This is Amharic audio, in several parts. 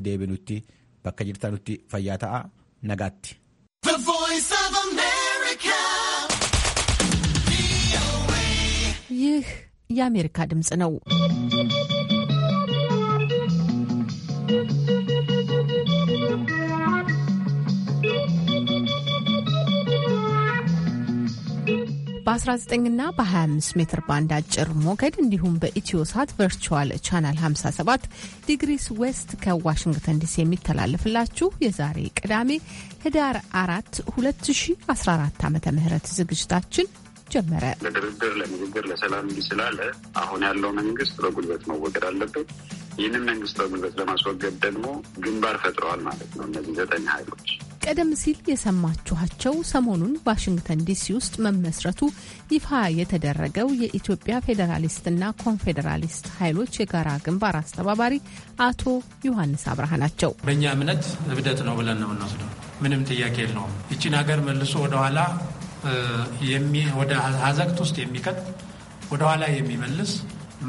deebinutti bakka jirtan nutti fayyaa ta'a nagaatti. ይህ የአሜሪካ ድምፅ በ19ና በ25 ሜትር ባንድ አጭር ሞገድ እንዲሁም በኢትዮ ሳት ቨርቹዋል ቻናል 57 ዲግሪስ ዌስት ከዋሽንግተን ዲሲ የሚተላለፍላችሁ የዛሬ ቅዳሜ ህዳር 4 2014 ዓመተ ምህረት ዝግጅታችን ጀመረ። ለድርድር፣ ለንግግር፣ ለሰላም ስላለ አሁን ያለው መንግስት በጉልበት መወገድ አለበት። ይህንን መንግስት በጉልበት ለማስወገድ ደግሞ ግንባር ፈጥረዋል ማለት ነው እነዚህ ዘጠኝ ኃይሎች ቀደም ሲል የሰማችኋቸው ሰሞኑን ዋሽንግተን ዲሲ ውስጥ መመስረቱ ይፋ የተደረገው የኢትዮጵያ ፌዴራሊስትና ኮንፌዴራሊስት ኃይሎች የጋራ ግንባር አስተባባሪ አቶ ዮሐንስ አብርሃ ናቸው። በእኛ እምነት እብደት ነው ብለን ነው የምንወስደው። ምንም ጥያቄ የለውም። ይችን ሀገር መልሶ ወደኋላ ወደ ሀዘቅት ውስጥ የሚከት ወደኋላ የሚመልስ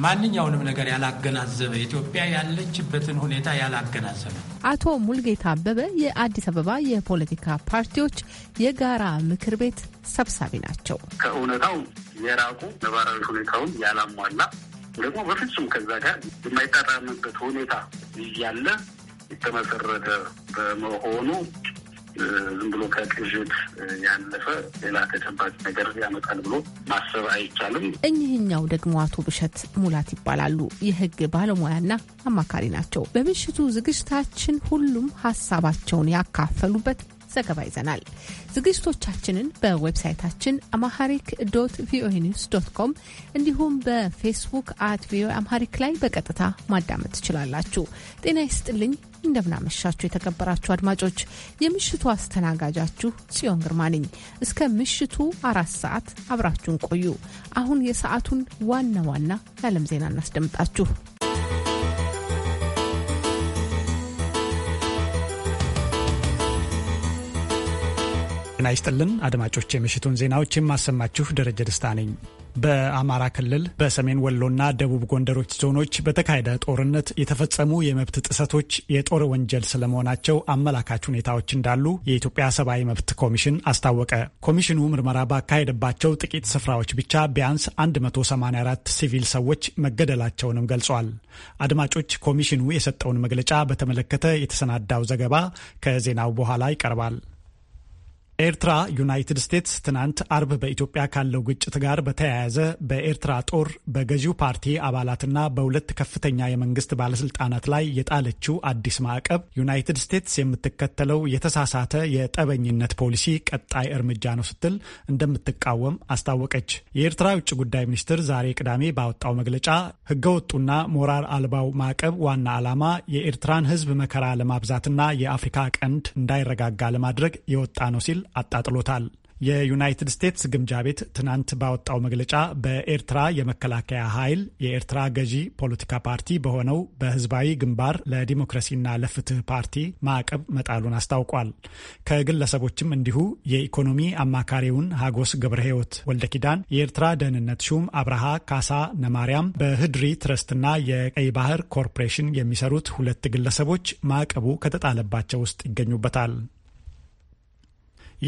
ማንኛውንም ነገር ያላገናዘበ ኢትዮጵያ ያለችበትን ሁኔታ ያላገናዘበ። አቶ ሙልጌታ አበበ የአዲስ አበባ የፖለቲካ ፓርቲዎች የጋራ ምክር ቤት ሰብሳቢ ናቸው። ከእውነታው የራቁ ነባራዊ ሁኔታውን ያላሟላ ደግሞ በፍጹም ከዛ ጋር የማይጣጣምበት ሁኔታ እያለ የተመሰረተ በመሆኑ ዝም ብሎ ከቅዥት ያለፈ ሌላ ተጨባጭ ነገር ያመጣል ብሎ ማሰብ አይቻልም። እኚህኛው ደግሞ አቶ ብሸት ሙላት ይባላሉ። የህግ ባለሙያና አማካሪ ናቸው። በምሽቱ ዝግጅታችን ሁሉም ሀሳባቸውን ያካፈሉበት ዘገባ ይዘናል። ዝግጅቶቻችንን በዌብሳይታችን አማሐሪክ ዶት ቪኦኤ ኒውስ ዶት ኮም እንዲሁም በፌስቡክ አት ቪኦኤ አማሐሪክ ላይ በቀጥታ ማዳመጥ ትችላላችሁ። ጤና ይስጥልኝ። እንደምናመሻችሁ የተከበራችሁ አድማጮች፣ የምሽቱ አስተናጋጃችሁ ጽዮን ግርማ ነኝ። እስከ ምሽቱ አራት ሰዓት አብራችሁን ቆዩ። አሁን የሰዓቱን ዋና ዋና የዓለም ዜና እናስደምጣችሁ። ጤና ይስጥልን አድማጮች፣ የምሽቱን ዜናዎች የማሰማችሁ ደረጀ ደስታ ነኝ። በአማራ ክልል በሰሜን ወሎና ደቡብ ጎንደሮች ዞኖች በተካሄደ ጦርነት የተፈጸሙ የመብት ጥሰቶች የጦር ወንጀል ስለመሆናቸው አመላካች ሁኔታዎች እንዳሉ የኢትዮጵያ ሰብአዊ መብት ኮሚሽን አስታወቀ። ኮሚሽኑ ምርመራ ባካሄደባቸው ጥቂት ስፍራዎች ብቻ ቢያንስ 184 ሲቪል ሰዎች መገደላቸውንም ገልጿል። አድማጮች፣ ኮሚሽኑ የሰጠውን መግለጫ በተመለከተ የተሰናዳው ዘገባ ከዜናው በኋላ ይቀርባል። ኤርትራ ዩናይትድ ስቴትስ ትናንት አርብ በኢትዮጵያ ካለው ግጭት ጋር በተያያዘ በኤርትራ ጦር በገዢው ፓርቲ አባላትና በሁለት ከፍተኛ የመንግስት ባለስልጣናት ላይ የጣለችው አዲስ ማዕቀብ ዩናይትድ ስቴትስ የምትከተለው የተሳሳተ የጠበኝነት ፖሊሲ ቀጣይ እርምጃ ነው ስትል እንደምትቃወም አስታወቀች። የኤርትራ የውጭ ጉዳይ ሚኒስትር ዛሬ ቅዳሜ ባወጣው መግለጫ ህገወጡና ሞራል አልባው ማዕቀብ ዋና ዓላማ የኤርትራን ህዝብ መከራ ለማብዛትና የአፍሪካ ቀንድ እንዳይረጋጋ ለማድረግ የወጣ ነው ሲል አጣጥሎታል። የዩናይትድ ስቴትስ ግምጃ ቤት ትናንት ባወጣው መግለጫ በኤርትራ የመከላከያ ኃይል የኤርትራ ገዢ ፖለቲካ ፓርቲ በሆነው በህዝባዊ ግንባር ለዲሞክራሲና ለፍትህ ፓርቲ ማዕቀብ መጣሉን አስታውቋል። ከግለሰቦችም እንዲሁ የኢኮኖሚ አማካሪውን ሀጎስ ገብረ ህይወት ወልደ ኪዳን፣ የኤርትራ ደህንነት ሹም አብርሃ ካሳ ነማርያም፣ በህድሪ ትረስትና የቀይ ባህር ኮርፖሬሽን የሚሰሩት ሁለት ግለሰቦች ማዕቀቡ ከተጣለባቸው ውስጥ ይገኙበታል።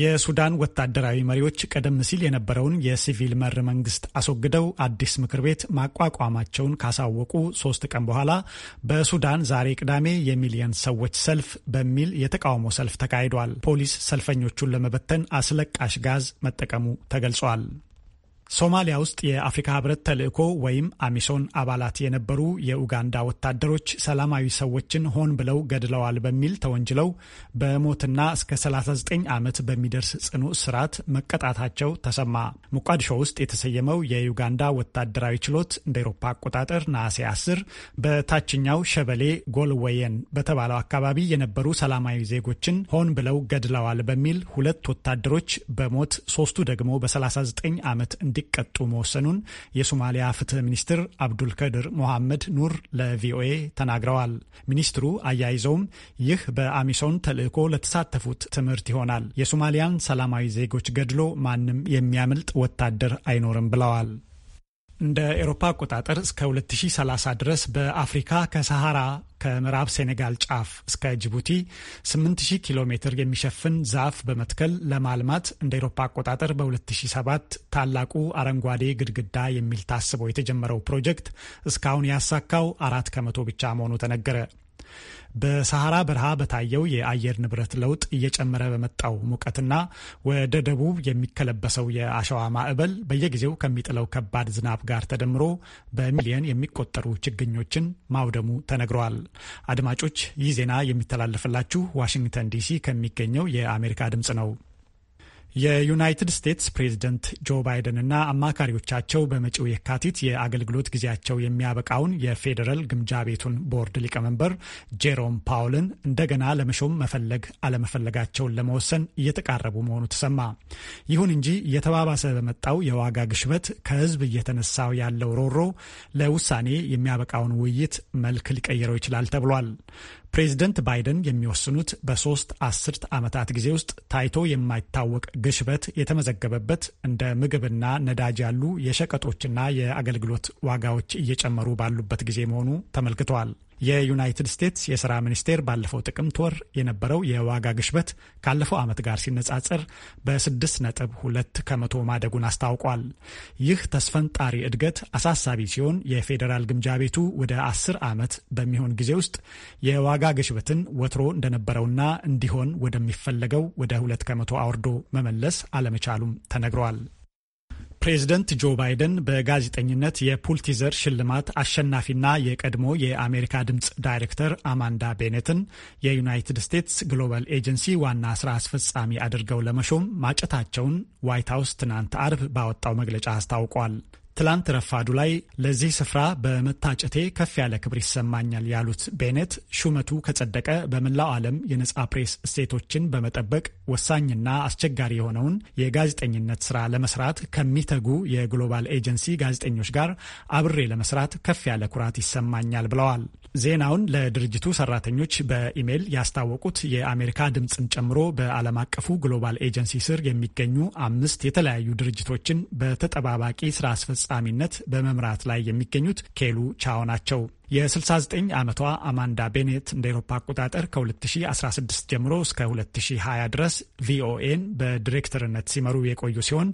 የሱዳን ወታደራዊ መሪዎች ቀደም ሲል የነበረውን የሲቪል መር መንግስት አስወግደው አዲስ ምክር ቤት ማቋቋማቸውን ካሳወቁ ሶስት ቀን በኋላ በሱዳን ዛሬ ቅዳሜ የሚሊየን ሰዎች ሰልፍ በሚል የተቃውሞ ሰልፍ ተካሂዷል። ፖሊስ ሰልፈኞቹን ለመበተን አስለቃሽ ጋዝ መጠቀሙ ተገልጿል። ሶማሊያ ውስጥ የአፍሪካ ህብረት ተልዕኮ ወይም አሚሶን አባላት የነበሩ የኡጋንዳ ወታደሮች ሰላማዊ ሰዎችን ሆን ብለው ገድለዋል በሚል ተወንጅለው በሞትና እስከ 39 ዓመት በሚደርስ ጽኑ እስራት መቀጣታቸው ተሰማ። ሞቃዲሾ ውስጥ የተሰየመው የዩጋንዳ ወታደራዊ ችሎት እንደ ኤሮፓ አቆጣጠር ነሐሴ 10 በታችኛው ሸበሌ ጎልወየን በተባለው አካባቢ የነበሩ ሰላማዊ ዜጎችን ሆን ብለው ገድለዋል በሚል ሁለት ወታደሮች በሞት ሶስቱ ደግሞ በ39 ዓመት እንዲ እንዲቀጡ መወሰኑን የሶማሊያ ፍትህ ሚኒስትር አብዱልከድር ሞሐመድ ኑር ለቪኦኤ ተናግረዋል። ሚኒስትሩ አያይዘውም ይህ በአሚሶም ተልዕኮ ለተሳተፉት ትምህርት ይሆናል፣ የሶማሊያን ሰላማዊ ዜጎች ገድሎ ማንም የሚያመልጥ ወታደር አይኖርም ብለዋል። እንደ ኤሮፓ አቆጣጠር እስከ 2030 ድረስ በአፍሪካ ከሰሃራ ከምዕራብ ሴኔጋል ጫፍ እስከ ጅቡቲ 8000 ኪሎ ሜትር የሚሸፍን ዛፍ በመትከል ለማልማት እንደ ኤሮፓ አቆጣጠር በ2007 ታላቁ አረንጓዴ ግድግዳ የሚል ታስበው የተጀመረው ፕሮጀክት እስካሁን ያሳካው አራት ከመቶ ብቻ መሆኑ ተነገረ። በሰሐራ በረሃ በታየው የአየር ንብረት ለውጥ እየጨመረ በመጣው ሙቀትና ወደ ደቡብ የሚከለበሰው የአሸዋ ማዕበል በየጊዜው ከሚጥለው ከባድ ዝናብ ጋር ተደምሮ በሚሊዮን የሚቆጠሩ ችግኞችን ማውደሙ ተነግረዋል። አድማጮች፣ ይህ ዜና የሚተላለፍላችሁ ዋሽንግተን ዲሲ ከሚገኘው የአሜሪካ ድምፅ ነው። የዩናይትድ ስቴትስ ፕሬዝደንት ጆ እና አማካሪዎቻቸው በመጪው የካቲት የአገልግሎት ጊዜያቸው የሚያበቃውን የፌዴራል ግምጃ ቤቱን ቦርድ ሊቀመንበር ጄሮም ፓውልን እንደገና ለመሾም መፈለግ አለመፈለጋቸውን ለመወሰን እየተቃረቡ መሆኑ ተሰማ። ይሁን እንጂ እየተባባሰ በመጣው የዋጋ ግሽበት ከህዝብ እየተነሳው ያለው ሮሮ ለውሳኔ የሚያበቃውን ውይይት መልክ ሊቀይረው ይችላል ተብሏል። ፕሬዚደንት ባይደን የሚወስኑት በሶስት አስርት ዓመታት ጊዜ ውስጥ ታይቶ የማይታወቅ ግሽበት የተመዘገበበት እንደ ምግብና ነዳጅ ያሉ የሸቀጦችና የአገልግሎት ዋጋዎች እየጨመሩ ባሉበት ጊዜ መሆኑ ተመልክተዋል። የዩናይትድ ስቴትስ የሥራ ሚኒስቴር ባለፈው ጥቅምት ወር የነበረው የዋጋ ግሽበት ካለፈው ዓመት ጋር ሲነጻጸር በ6 ነጥብ ሁለት ከመቶ ማደጉን አስታውቋል። ይህ ተስፈንጣሪ እድገት አሳሳቢ ሲሆን የፌዴራል ግምጃ ቤቱ ወደ 10 ዓመት በሚሆን ጊዜ ውስጥ የዋጋ ግሽበትን ወትሮ እንደነበረውና እንዲሆን ወደሚፈለገው ወደ 2 ከመቶ አውርዶ መመለስ አለመቻሉም ተነግሯል። ፕሬዝደንት ጆ ባይደን በጋዜጠኝነት የፑልቲዘር ሽልማት አሸናፊና የቀድሞ የአሜሪካ ድምፅ ዳይሬክተር አማንዳ ቤኔትን የዩናይትድ ስቴትስ ግሎባል ኤጀንሲ ዋና ስራ አስፈጻሚ አድርገው ለመሾም ማጨታቸውን ዋይት ሀውስ ትናንት አርብ ባወጣው መግለጫ አስታውቋል። ትላንት ረፋዱ ላይ ለዚህ ስፍራ በመታጨቴ ከፍ ያለ ክብር ይሰማኛል ያሉት ቤኔት ሹመቱ ከጸደቀ በመላው ዓለም የነጻ ፕሬስ እሴቶችን በመጠበቅ ወሳኝና አስቸጋሪ የሆነውን የጋዜጠኝነት ስራ ለመስራት ከሚተጉ የግሎባል ኤጀንሲ ጋዜጠኞች ጋር አብሬ ለመስራት ከፍ ያለ ኩራት ይሰማኛል ብለዋል። ዜናውን ለድርጅቱ ሰራተኞች በኢሜይል ያስታወቁት የአሜሪካ ድምፅን ጨምሮ በዓለም አቀፉ ግሎባል ኤጀንሲ ስር የሚገኙ አምስት የተለያዩ ድርጅቶችን በተጠባባቂ ስራ አስፈጻሚነት በመምራት ላይ የሚገኙት ኬሉ ቻው ናቸው። የ69 ዓመቷ አማንዳ ቤኔት እንደ ኤሮፓ አቆጣጠር ከ2016 ጀምሮ እስከ 2020 ድረስ ቪኦኤን በዲሬክተርነት ሲመሩ የቆዩ ሲሆን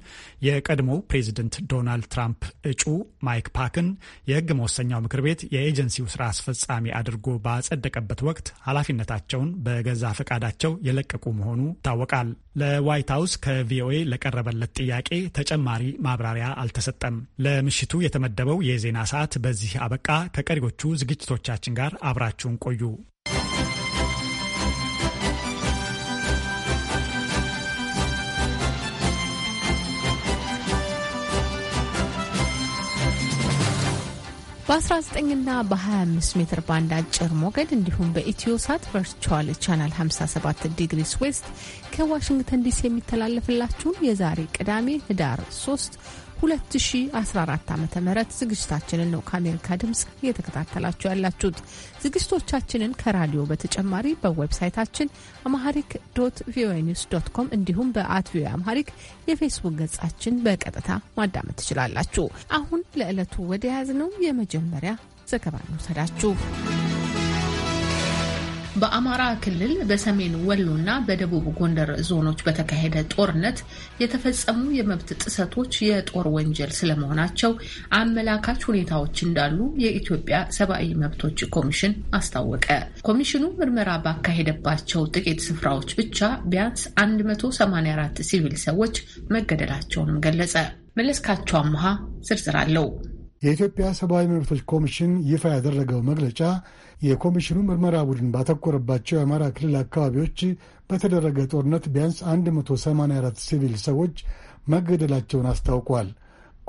የቀድሞው ፕሬዚደንት ዶናልድ ትራምፕ እጩ ማይክ ፓክን የህግ መወሰኛው ምክር ቤት የኤጀንሲው ስራ አስፈጻሚ አድርጎ ባጸደቀበት ወቅት ኃላፊነታቸውን በገዛ ፈቃዳቸው የለቀቁ መሆኑ ይታወቃል። ለዋይት ሀውስ ከቪኦኤ ለቀረበለት ጥያቄ ተጨማሪ ማብራሪያ አልተሰጠም። ለምሽቱ የተመደበው የዜና ሰዓት በዚህ አበቃ። ከቀሪዎቹ ዝግጅቶቻችን ጋር አብራችሁን ቆዩ። በ19ና በ25 ሜትር ባንድ አጭር ሞገድ እንዲሁም በኢትዮ ሳት ቨርቹዋል ቻናል 57 ዲግሪስ ዌስት ከዋሽንግተን ዲሲ የሚተላለፍላችሁን የዛሬ ቅዳሜ ህዳር 3 2014 ዓ ም ዝግጅታችንን ነው ከአሜሪካ ድምፅ እየተከታተላችሁ ያላችሁት። ዝግጅቶቻችንን ከራዲዮ በተጨማሪ በዌብሳይታችን አማሐሪክ ዶት ቪኦኤ ኒውስ ዶት ኮም እንዲሁም በአት ቪኦኤ አማሐሪክ የፌስቡክ ገጻችን በቀጥታ ማዳመጥ ትችላላችሁ። አሁን ለዕለቱ ወደ ያዝነው የመጀመሪያ ዘገባ እንውሰዳችሁ። በአማራ ክልል በሰሜን ወሎና በደቡብ ጎንደር ዞኖች በተካሄደ ጦርነት የተፈጸሙ የመብት ጥሰቶች የጦር ወንጀል ስለመሆናቸው አመላካች ሁኔታዎች እንዳሉ የኢትዮጵያ ሰብአዊ መብቶች ኮሚሽን አስታወቀ። ኮሚሽኑ ምርመራ ባካሄደባቸው ጥቂት ስፍራዎች ብቻ ቢያንስ 184 ሲቪል ሰዎች መገደላቸውንም ገለጸ። መለስካቸው አምሃ ዝርዝር አለው። የኢትዮጵያ ሰብአዊ መብቶች ኮሚሽን ይፋ ያደረገው መግለጫ የኮሚሽኑ ምርመራ ቡድን ባተኮረባቸው የአማራ ክልል አካባቢዎች በተደረገ ጦርነት ቢያንስ 184 ሲቪል ሰዎች መገደላቸውን አስታውቋል።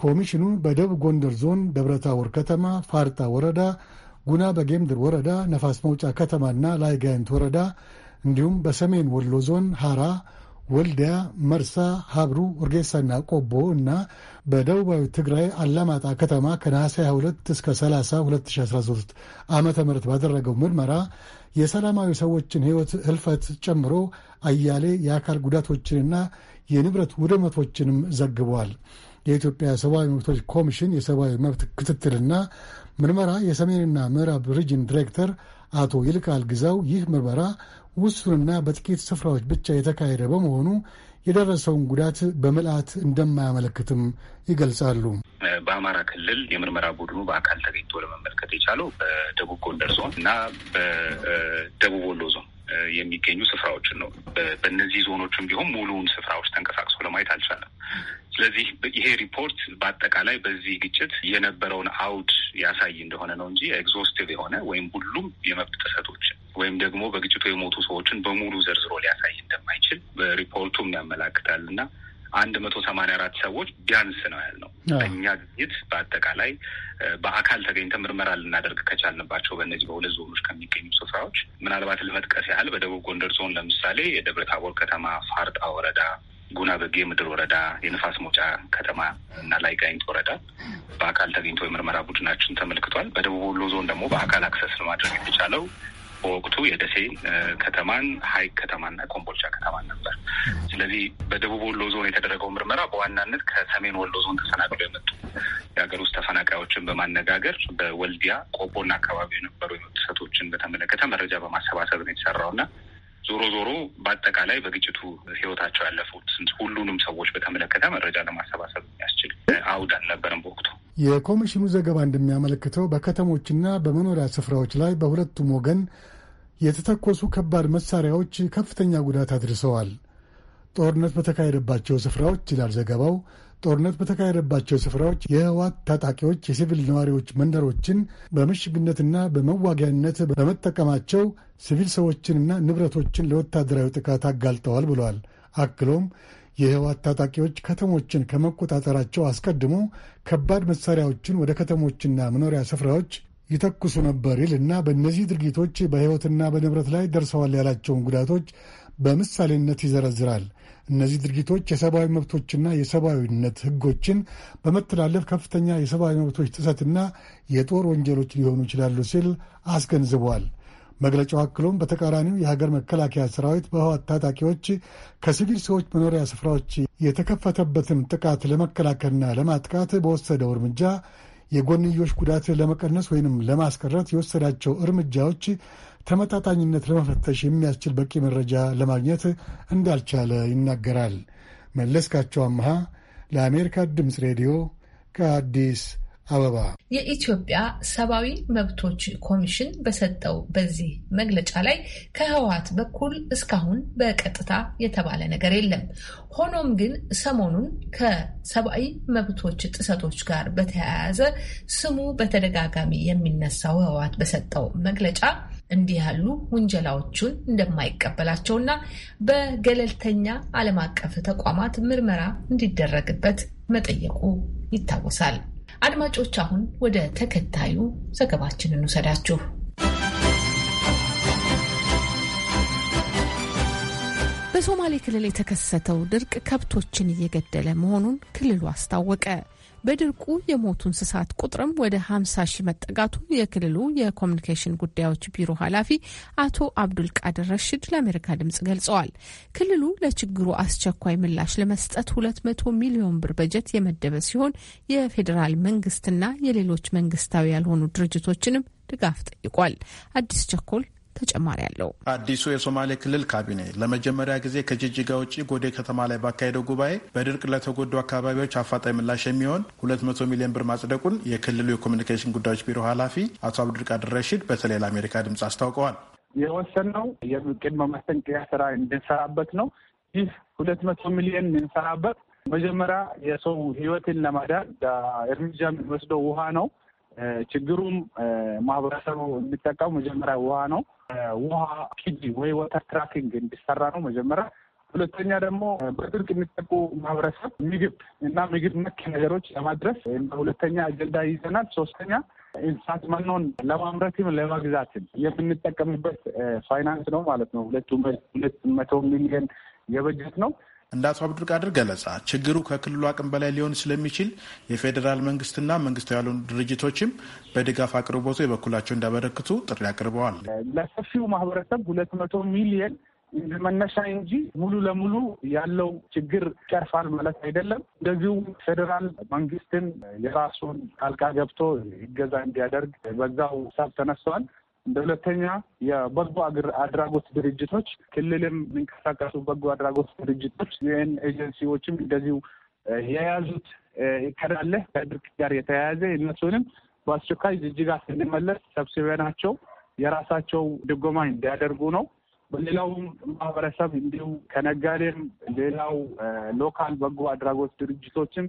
ኮሚሽኑ በደቡብ ጎንደር ዞን ደብረታቦር ከተማ፣ ፋርጣ ወረዳ፣ ጉና በጌምድር ወረዳ፣ ነፋስ መውጫ ከተማና ላይጋይንት ወረዳ እንዲሁም በሰሜን ወሎ ዞን ሐራ ወልዲያ፣ መርሳ፣ ሀብሩ፣ ወርጌሳና ቆቦ እና በደቡባዊ ትግራይ አላማጣ ከተማ ከነሐሴ 22 እስከ 30 2013 ዓ ም ባደረገው ምርመራ የሰላማዊ ሰዎችን ሕይወት ህልፈት ጨምሮ አያሌ የአካል ጉዳቶችንና የንብረት ውድመቶችንም ዘግቧል። የኢትዮጵያ ሰብአዊ መብቶች ኮሚሽን የሰብአዊ መብት ክትትልና ምርመራ የሰሜንና ምዕራብ ሪጅን ዲሬክተር አቶ ይልቃል ግዛው ይህ ምርመራ ውሱንና በጥቂት ስፍራዎች ብቻ የተካሄደ በመሆኑ የደረሰውን ጉዳት በምልአት እንደማያመለክትም ይገልጻሉ። በአማራ ክልል የምርመራ ቡድኑ በአካል ተገኝቶ ለመመልከት የቻለው በደቡብ ጎንደር ዞን እና በደቡብ ወሎ ዞን የሚገኙ ስፍራዎችን ነው። በእነዚህ ዞኖችም ቢሆን ሙሉውን ስፍራዎች ተንቀሳቅሶ ለማየት አልቻለም። ስለዚህ ይሄ ሪፖርት በአጠቃላይ በዚህ ግጭት የነበረውን አውድ ያሳይ እንደሆነ ነው እንጂ ኤግዞስቲቭ የሆነ ወይም ሁሉም የመብት ጥሰቶች ወይም ደግሞ በግጭቱ የሞቱ ሰዎችን በሙሉ ዘርዝሮ ሊያሳይ እንደማይችል በሪፖርቱም ያመላክታል እና አንድ መቶ ሰማንያ አራት ሰዎች ቢያንስ ነው ያልነው። በእኛ ግኝት በአጠቃላይ በአካል ተገኝተ ምርመራ ልናደርግ ከቻልንባቸው በእነዚህ በሁለት ዞኖች ከሚገኙ ስፍራዎች ምናልባት ለመጥቀስ ያህል በደቡብ ጎንደር ዞን ለምሳሌ የደብረ ታቦር ከተማ ፋርጣ ወረዳ ጉና በጌ ምድር ወረዳ፣ የንፋስ መውጫ ከተማ እና ላይ ጋይንት ወረዳ በአካል ተገኝቶ የምርመራ ቡድናችን ተመልክቷል። በደቡብ ወሎ ዞን ደግሞ በአካል አክሰስ ለማድረግ የተቻለው በወቅቱ የደሴ ከተማን፣ ሀይቅ ከተማና ኮምቦልቻ ከተማን ነበር። ስለዚህ በደቡብ ወሎ ዞን የተደረገው ምርመራ በዋናነት ከሰሜን ወሎ ዞን ተፈናቅለው የመጡ የሀገር ውስጥ ተፈናቃዮችን በማነጋገር በወልዲያ ቆቦና አካባቢ የነበሩ የመጡ ሰቶችን በተመለከተ መረጃ በማሰባሰብ ነው የተሰራው እና ዞሮ ዞሮ በአጠቃላይ በግጭቱ ህይወታቸው ያለፉት ሁሉንም ሰዎች በተመለከተ መረጃ ለማሰባሰብ የሚያስችል አውድ አልነበረም በወቅቱ። የኮሚሽኑ ዘገባ እንደሚያመለክተው በከተሞችና በመኖሪያ ስፍራዎች ላይ በሁለቱም ወገን የተተኮሱ ከባድ መሳሪያዎች ከፍተኛ ጉዳት አድርሰዋል። ጦርነት በተካሄደባቸው ስፍራዎች ይላል ዘገባው ጦርነት በተካሄደባቸው ስፍራዎች የህወሓት ታጣቂዎች የሲቪል ነዋሪዎች መንደሮችን በምሽግነትና በመዋጊያነት በመጠቀማቸው ሲቪል ሰዎችንና ንብረቶችን ለወታደራዊ ጥቃት አጋልጠዋል ብለዋል። አክሎም የህወሓት ታጣቂዎች ከተሞችን ከመቆጣጠራቸው አስቀድሞ ከባድ መሳሪያዎችን ወደ ከተሞችና መኖሪያ ስፍራዎች ይተኩሱ ነበር እና በእነዚህ ድርጊቶች በሕይወትና በንብረት ላይ ደርሰዋል ያላቸውን ጉዳቶች በምሳሌነት ይዘረዝራል። እነዚህ ድርጊቶች የሰብአዊ መብቶችና የሰብአዊነት ህጎችን በመተላለፍ ከፍተኛ የሰብአዊ መብቶች ጥሰትና የጦር ወንጀሎች ሊሆኑ ይችላሉ ሲል አስገንዝቧል። መግለጫው አክሎም በተቃራኒው የሀገር መከላከያ ሰራዊት በህዋት ታጣቂዎች ከሲቪል ሰዎች መኖሪያ ስፍራዎች የተከፈተበትን ጥቃት ለመከላከልና ለማጥቃት በወሰደው እርምጃ የጎንዮሽ ጉዳት ለመቀነስ ወይንም ለማስቀረት የወሰዳቸው እርምጃዎች ተመጣጣኝነት ለመፈተሽ የሚያስችል በቂ መረጃ ለማግኘት እንዳልቻለ ይናገራል። መለስካቸው አመሃ ለአሜሪካ ድምፅ ሬዲዮ ከአዲስ አበባ የኢትዮጵያ ሰብአዊ መብቶች ኮሚሽን በሰጠው በዚህ መግለጫ ላይ ከህወሓት በኩል እስካሁን በቀጥታ የተባለ ነገር የለም። ሆኖም ግን ሰሞኑን ከሰብአዊ መብቶች ጥሰቶች ጋር በተያያዘ ስሙ በተደጋጋሚ የሚነሳው ህወሓት በሰጠው መግለጫ እንዲህ ያሉ ውንጀላዎቹን እንደማይቀበላቸውና በገለልተኛ ዓለም አቀፍ ተቋማት ምርመራ እንዲደረግበት መጠየቁ ይታወሳል። አድማጮች፣ አሁን ወደ ተከታዩ ዘገባችን እንውሰዳችሁ። በሶማሌ ክልል የተከሰተው ድርቅ ከብቶችን እየገደለ መሆኑን ክልሉ አስታወቀ። በድርቁ የሞቱ እንስሳት ቁጥርም ወደ 50 ሺህ መጠጋቱን የክልሉ የኮሚኒኬሽን ጉዳዮች ቢሮ ኃላፊ አቶ አብዱል ቃድር ረሽድ ለአሜሪካ ድምጽ ገልጸዋል። ክልሉ ለችግሩ አስቸኳይ ምላሽ ለመስጠት 200 ሚሊዮን ብር በጀት የመደበ ሲሆን የፌዴራል መንግስትና የሌሎች መንግስታዊ ያልሆኑ ድርጅቶችንም ድጋፍ ጠይቋል። አዲስ ቸኮል ተጨማሪ አለው። አዲሱ የሶማሌ ክልል ካቢኔ ለመጀመሪያ ጊዜ ከጅጅጋ ውጭ ጎዴ ከተማ ላይ ባካሄደው ጉባኤ በድርቅ ለተጎዱ አካባቢዎች አፋጣኝ ምላሽ የሚሆን 200 ሚሊዮን ብር ማጽደቁን የክልሉ የኮሚኒኬሽን ጉዳዮች ቢሮ ኃላፊ አቶ አብዱልቃድር ረሺድ በተለይ ለአሜሪካ ድምፅ አስታውቀዋል። የወሰነው የቅድመ ማስጠንቀቂያ ስራ እንድንሰራበት ነው። ይህ ሁለት መቶ ሚሊዮን እንሰራበት መጀመሪያ የሰው ህይወትን ለማዳን እርምጃ የምንወስደው ውሃ ነው። ችግሩም ማህበረሰቡ የሚጠቀሙ መጀመሪያ ውሃ ነው። ውሃ ፒጂ ወይ ወተር ትራኪንግ እንዲሰራ ነው መጀመሪያ። ሁለተኛ ደግሞ በድርቅ የሚጠቁ ማህበረሰብ ምግብ እና ምግብ ነክ ነገሮች ለማድረስ እንደ ሁለተኛ አጀንዳ ይዘናል። ሶስተኛ እንስሳት መኖን ለማምረትም ለመግዛትም የምንጠቀምበት ፋይናንስ ነው ማለት ነው። ሁለቱ ሁለት መቶ ሚሊዮን የበጀት ነው። እንደ አቶ አብዱልቃድር ገለጻ ችግሩ ከክልሉ አቅም በላይ ሊሆን ስለሚችል የፌዴራል መንግስትና መንግስታዊ ያልሆኑ ድርጅቶችም በድጋፍ አቅርቦቱ የበኩላቸው እንዳበረክቱ ጥሪ አቅርበዋል። ለሰፊው ማህበረሰብ ሁለት መቶ ሚሊየን መነሻ እንጂ ሙሉ ለሙሉ ያለው ችግር ይቀርፋል ማለት አይደለም። እንደዚሁም ፌዴራል መንግስትን የራሱን ጣልቃ ገብቶ ይገዛ እንዲያደርግ በዛው ሀሳብ ተነስተዋል። እንደ ሁለተኛ የበጎ አድራጎት ድርጅቶች ክልልም የሚንቀሳቀሱ በጎ አድራጎት ድርጅቶች ዩኤን ኤጀንሲዎችም እንደዚሁ የያዙት ይከዳለ ከድርቅ ጋር የተያያዘ እነሱንም በአስቸኳይ ጅጅጋ ስንመለስ ሰብስበናቸው የራሳቸው ድጎማ እንዲያደርጉ ነው። በሌላው ማህበረሰብ እንዲሁ ከነጋዴም ሌላው ሎካል በጎ አድራጎት ድርጅቶችም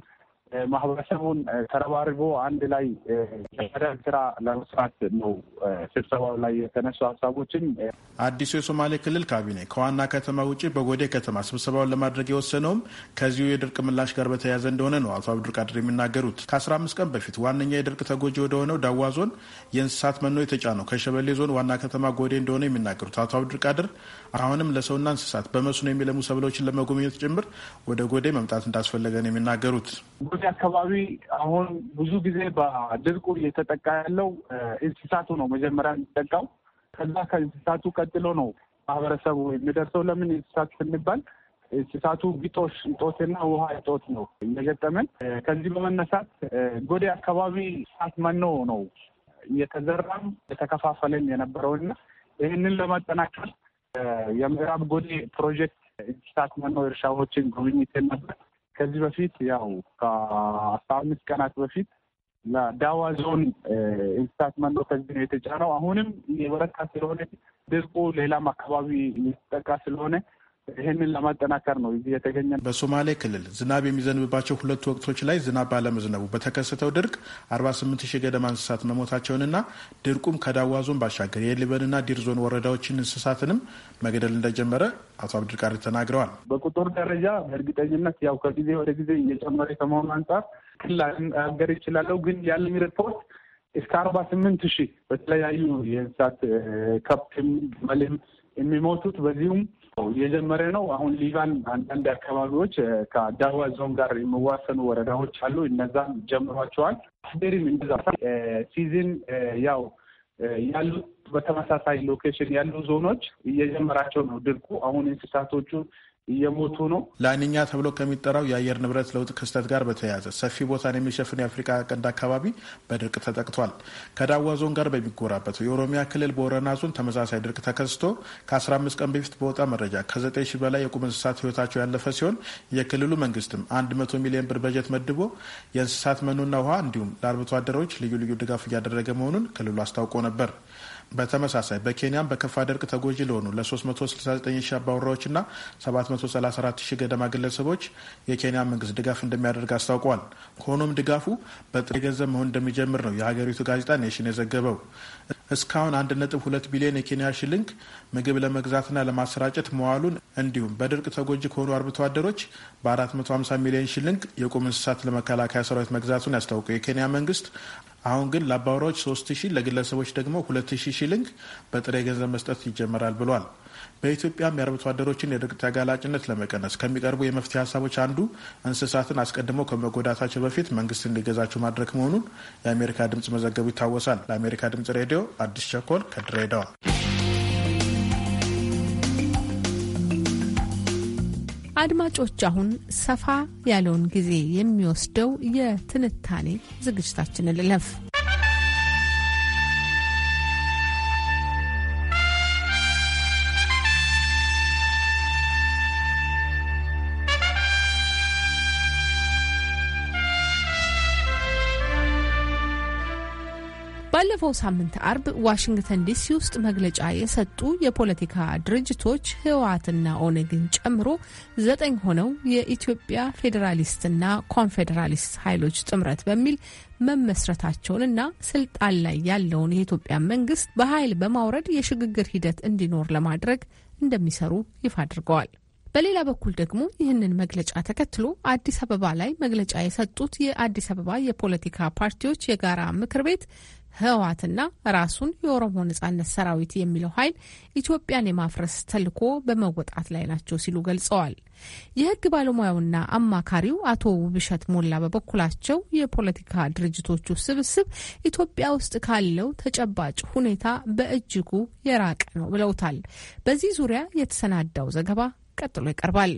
ማህበረሰቡን ተረባርቦ አንድ ላይ የማድረግ ስራ ለመስራት ነው ስብሰባው ላይ የተነሱ ሀሳቦችን አዲሱ የሶማሌ ክልል ካቢኔ ከዋና ከተማ ውጭ በጎዴ ከተማ ስብሰባውን ለማድረግ የወሰነውም ከዚሁ የድርቅ ምላሽ ጋር በተያያዘ እንደሆነ ነው አቶ አብዱልቃድር የሚናገሩት። 1 አምስት ቀን በፊት ዋነኛ የድርቅ ተጎጂ ወደሆነው ዳዋ ዞን የእንስሳት መኖ የተጫነው ከሸበሌ ዞን ዋና ከተማ ጎዴ እንደሆነ የሚናገሩት አቶ አብዱልቃድር አሁንም ለሰውና እንስሳት በመስኖ የሚለሙ ሰብሎችን ለመጎብኘት ጭምር ወደ ጎዴ መምጣት እንዳስፈለገ ነው የሚናገሩት። በዚህ አካባቢ አሁን ብዙ ጊዜ በድርቁ እየተጠቃ ያለው እንስሳቱ ነው። መጀመሪያ የሚጠቃው ከዛ ከእንስሳቱ ቀጥሎ ነው ማህበረሰቡ የሚደርሰው። ለምን እንስሳት ስንባል እንስሳቱ ግጦሽ እጦትና ውሃ እጦት ነው እየገጠመን። ከዚህ በመነሳት ጎዴ አካባቢ እንስሳት መኖ ነው እየተዘራም የተከፋፈለን የነበረውና ይህንን ለማጠናከር የምዕራብ ጎዴ ፕሮጀክት እንስሳት መኖ እርሻዎችን ጉብኝት ነበር። ከዚህ በፊት ያው ከአስራ አምስት ቀናት በፊት ለዳዋ ዞን እንስሳት መኖ ከዚህ ነው የተጫነው። አሁንም የበረታ ስለሆነ ድርቁ ሌላም አካባቢ እየተጠቃ ስለሆነ ይህንን ለማጠናከር ነው እዚህ የተገኘ። በሶማሌ ክልል ዝናብ የሚዘንብባቸው ሁለቱ ወቅቶች ላይ ዝናብ ባለመዝነቡ በተከሰተው ድርቅ 48 ሺህ ገደማ እንስሳት መሞታቸውንና ድርቁም ከዳዋ ዞን ባሻገር የሊበንና ዲር ዞን ወረዳዎችን እንስሳትንም መግደል እንደጀመረ አቶ አብድልቃሪ ተናግረዋል። በቁጥር ደረጃ በእርግጠኝነት ያው ከጊዜ ወደ ጊዜ እየጨመረ ከመሆኑ አንጻር ክልል አገር ይችላለሁ ግን ያለኝ ሪፖርት እስከ አርባ ስምንት ሺህ በተለያዩ የእንስሳት ከብትም ግመልም የሚሞቱት በዚሁም የጀመረ ነው። አሁን ሊባን አንዳንድ አካባቢዎች ከዳዋ ዞን ጋር የሚዋሰኑ ወረዳዎች አሉ። እነዛም ጀምሯቸዋል። አስዴሪም እንደዛ ሲዝን ያው ያሉ በተመሳሳይ ሎኬሽን ያሉ ዞኖች እየጀመራቸው ነው ድርቁ አሁን እንስሳቶቹ እየሞቱ ነው። ላኒኛ ተብሎ ከሚጠራው የአየር ንብረት ለውጥ ክስተት ጋር በተያያዘ ሰፊ ቦታን የሚሸፍን የአፍሪካ ቀንድ አካባቢ በድርቅ ተጠቅቷል። ከዳዋ ዞን ጋር በሚጎራበት የኦሮሚያ ክልል በወረና ዞን ተመሳሳይ ድርቅ ተከስቶ ከ15 ቀን በፊት በወጣ መረጃ ከ9 ሺ በላይ የቁም እንስሳት ህይወታቸው ያለፈ ሲሆን የክልሉ መንግስትም 100 ሚሊዮን ብር በጀት መድቦ የእንስሳት መኖና ውሃ እንዲሁም ለአርብቶ አደሮች ልዩ ልዩ ድጋፍ እያደረገ መሆኑን ክልሉ አስታውቆ ነበር። በተመሳሳይ በኬንያም በከፋ ድርቅ ተጎጂ ለሆኑ ለ369 ሺህ አባወራዎችና 734 ሺህ ገደማ ግለሰቦች የኬንያ መንግስት ድጋፍ እንደሚያደርግ አስታውቋል። ሆኖም ድጋፉ በጥሬ ገንዘብ መሆን እንደሚጀምር ነው የሀገሪቱ ጋዜጣ ኔሽን የዘገበው። እስካሁን 1.2 ቢሊዮን የኬንያ ሽልንግ ምግብ ለመግዛትና ለማሰራጨት መዋሉን እንዲሁም በድርቅ ተጎጂ ከሆኑ አርብቶ አደሮች በ450 ሚሊዮን ሽልንግ የቁም እንስሳት ለመከላከያ ሰራዊት መግዛቱን ያስታውቀው የኬንያ መንግስት አሁን ግን ለአባወራዎች 3000 ለግለሰቦች ደግሞ 2000 ሽልንግ በጥሬ ገንዘብ መስጠት ይጀምራል ብሏል። በኢትዮጵያም የአርብቶ አደሮችን የድርቅ ተጋላጭነት ለመቀነስ ከሚቀርቡ የመፍትሄ ሀሳቦች አንዱ እንስሳትን አስቀድመው ከመጎዳታቸው በፊት መንግስት እንዲገዛቸው ማድረግ መሆኑን የአሜሪካ ድምጽ መዘገቡ ይታወሳል። ለአሜሪካ ድምጽ ሬዲዮ አዲስ ቸኮል ከድሬዳዋ። አድማጮች አሁን ሰፋ ያለውን ጊዜ የሚወስደው የትንታኔ ዝግጅታችንን ልለፍ። ባለፈው ሳምንት አርብ ዋሽንግተን ዲሲ ውስጥ መግለጫ የሰጡ የፖለቲካ ድርጅቶች ህወሓትና ኦነግን ጨምሮ ዘጠኝ ሆነው የኢትዮጵያ ፌዴራሊስትና ኮንፌዴራሊስት ኃይሎች ጥምረት በሚል መመስረታቸውንና ስልጣን ላይ ያለውን የኢትዮጵያ መንግስት በኃይል በማውረድ የሽግግር ሂደት እንዲኖር ለማድረግ እንደሚሰሩ ይፋ አድርገዋል። በሌላ በኩል ደግሞ ይህንን መግለጫ ተከትሎ አዲስ አበባ ላይ መግለጫ የሰጡት የአዲስ አበባ የፖለቲካ ፓርቲዎች የጋራ ምክር ቤት ህወሓትና ራሱን የኦሮሞ ነጻነት ሰራዊት የሚለው ኃይል ኢትዮጵያን የማፍረስ ተልዕኮ በመወጣት ላይ ናቸው ሲሉ ገልጸዋል። የህግ ባለሙያውና አማካሪው አቶ ውብሸት ሞላ በበኩላቸው የፖለቲካ ድርጅቶቹ ስብስብ ኢትዮጵያ ውስጥ ካለው ተጨባጭ ሁኔታ በእጅጉ የራቀ ነው ብለውታል። በዚህ ዙሪያ የተሰናዳው ዘገባ ቀጥሎ ይቀርባል።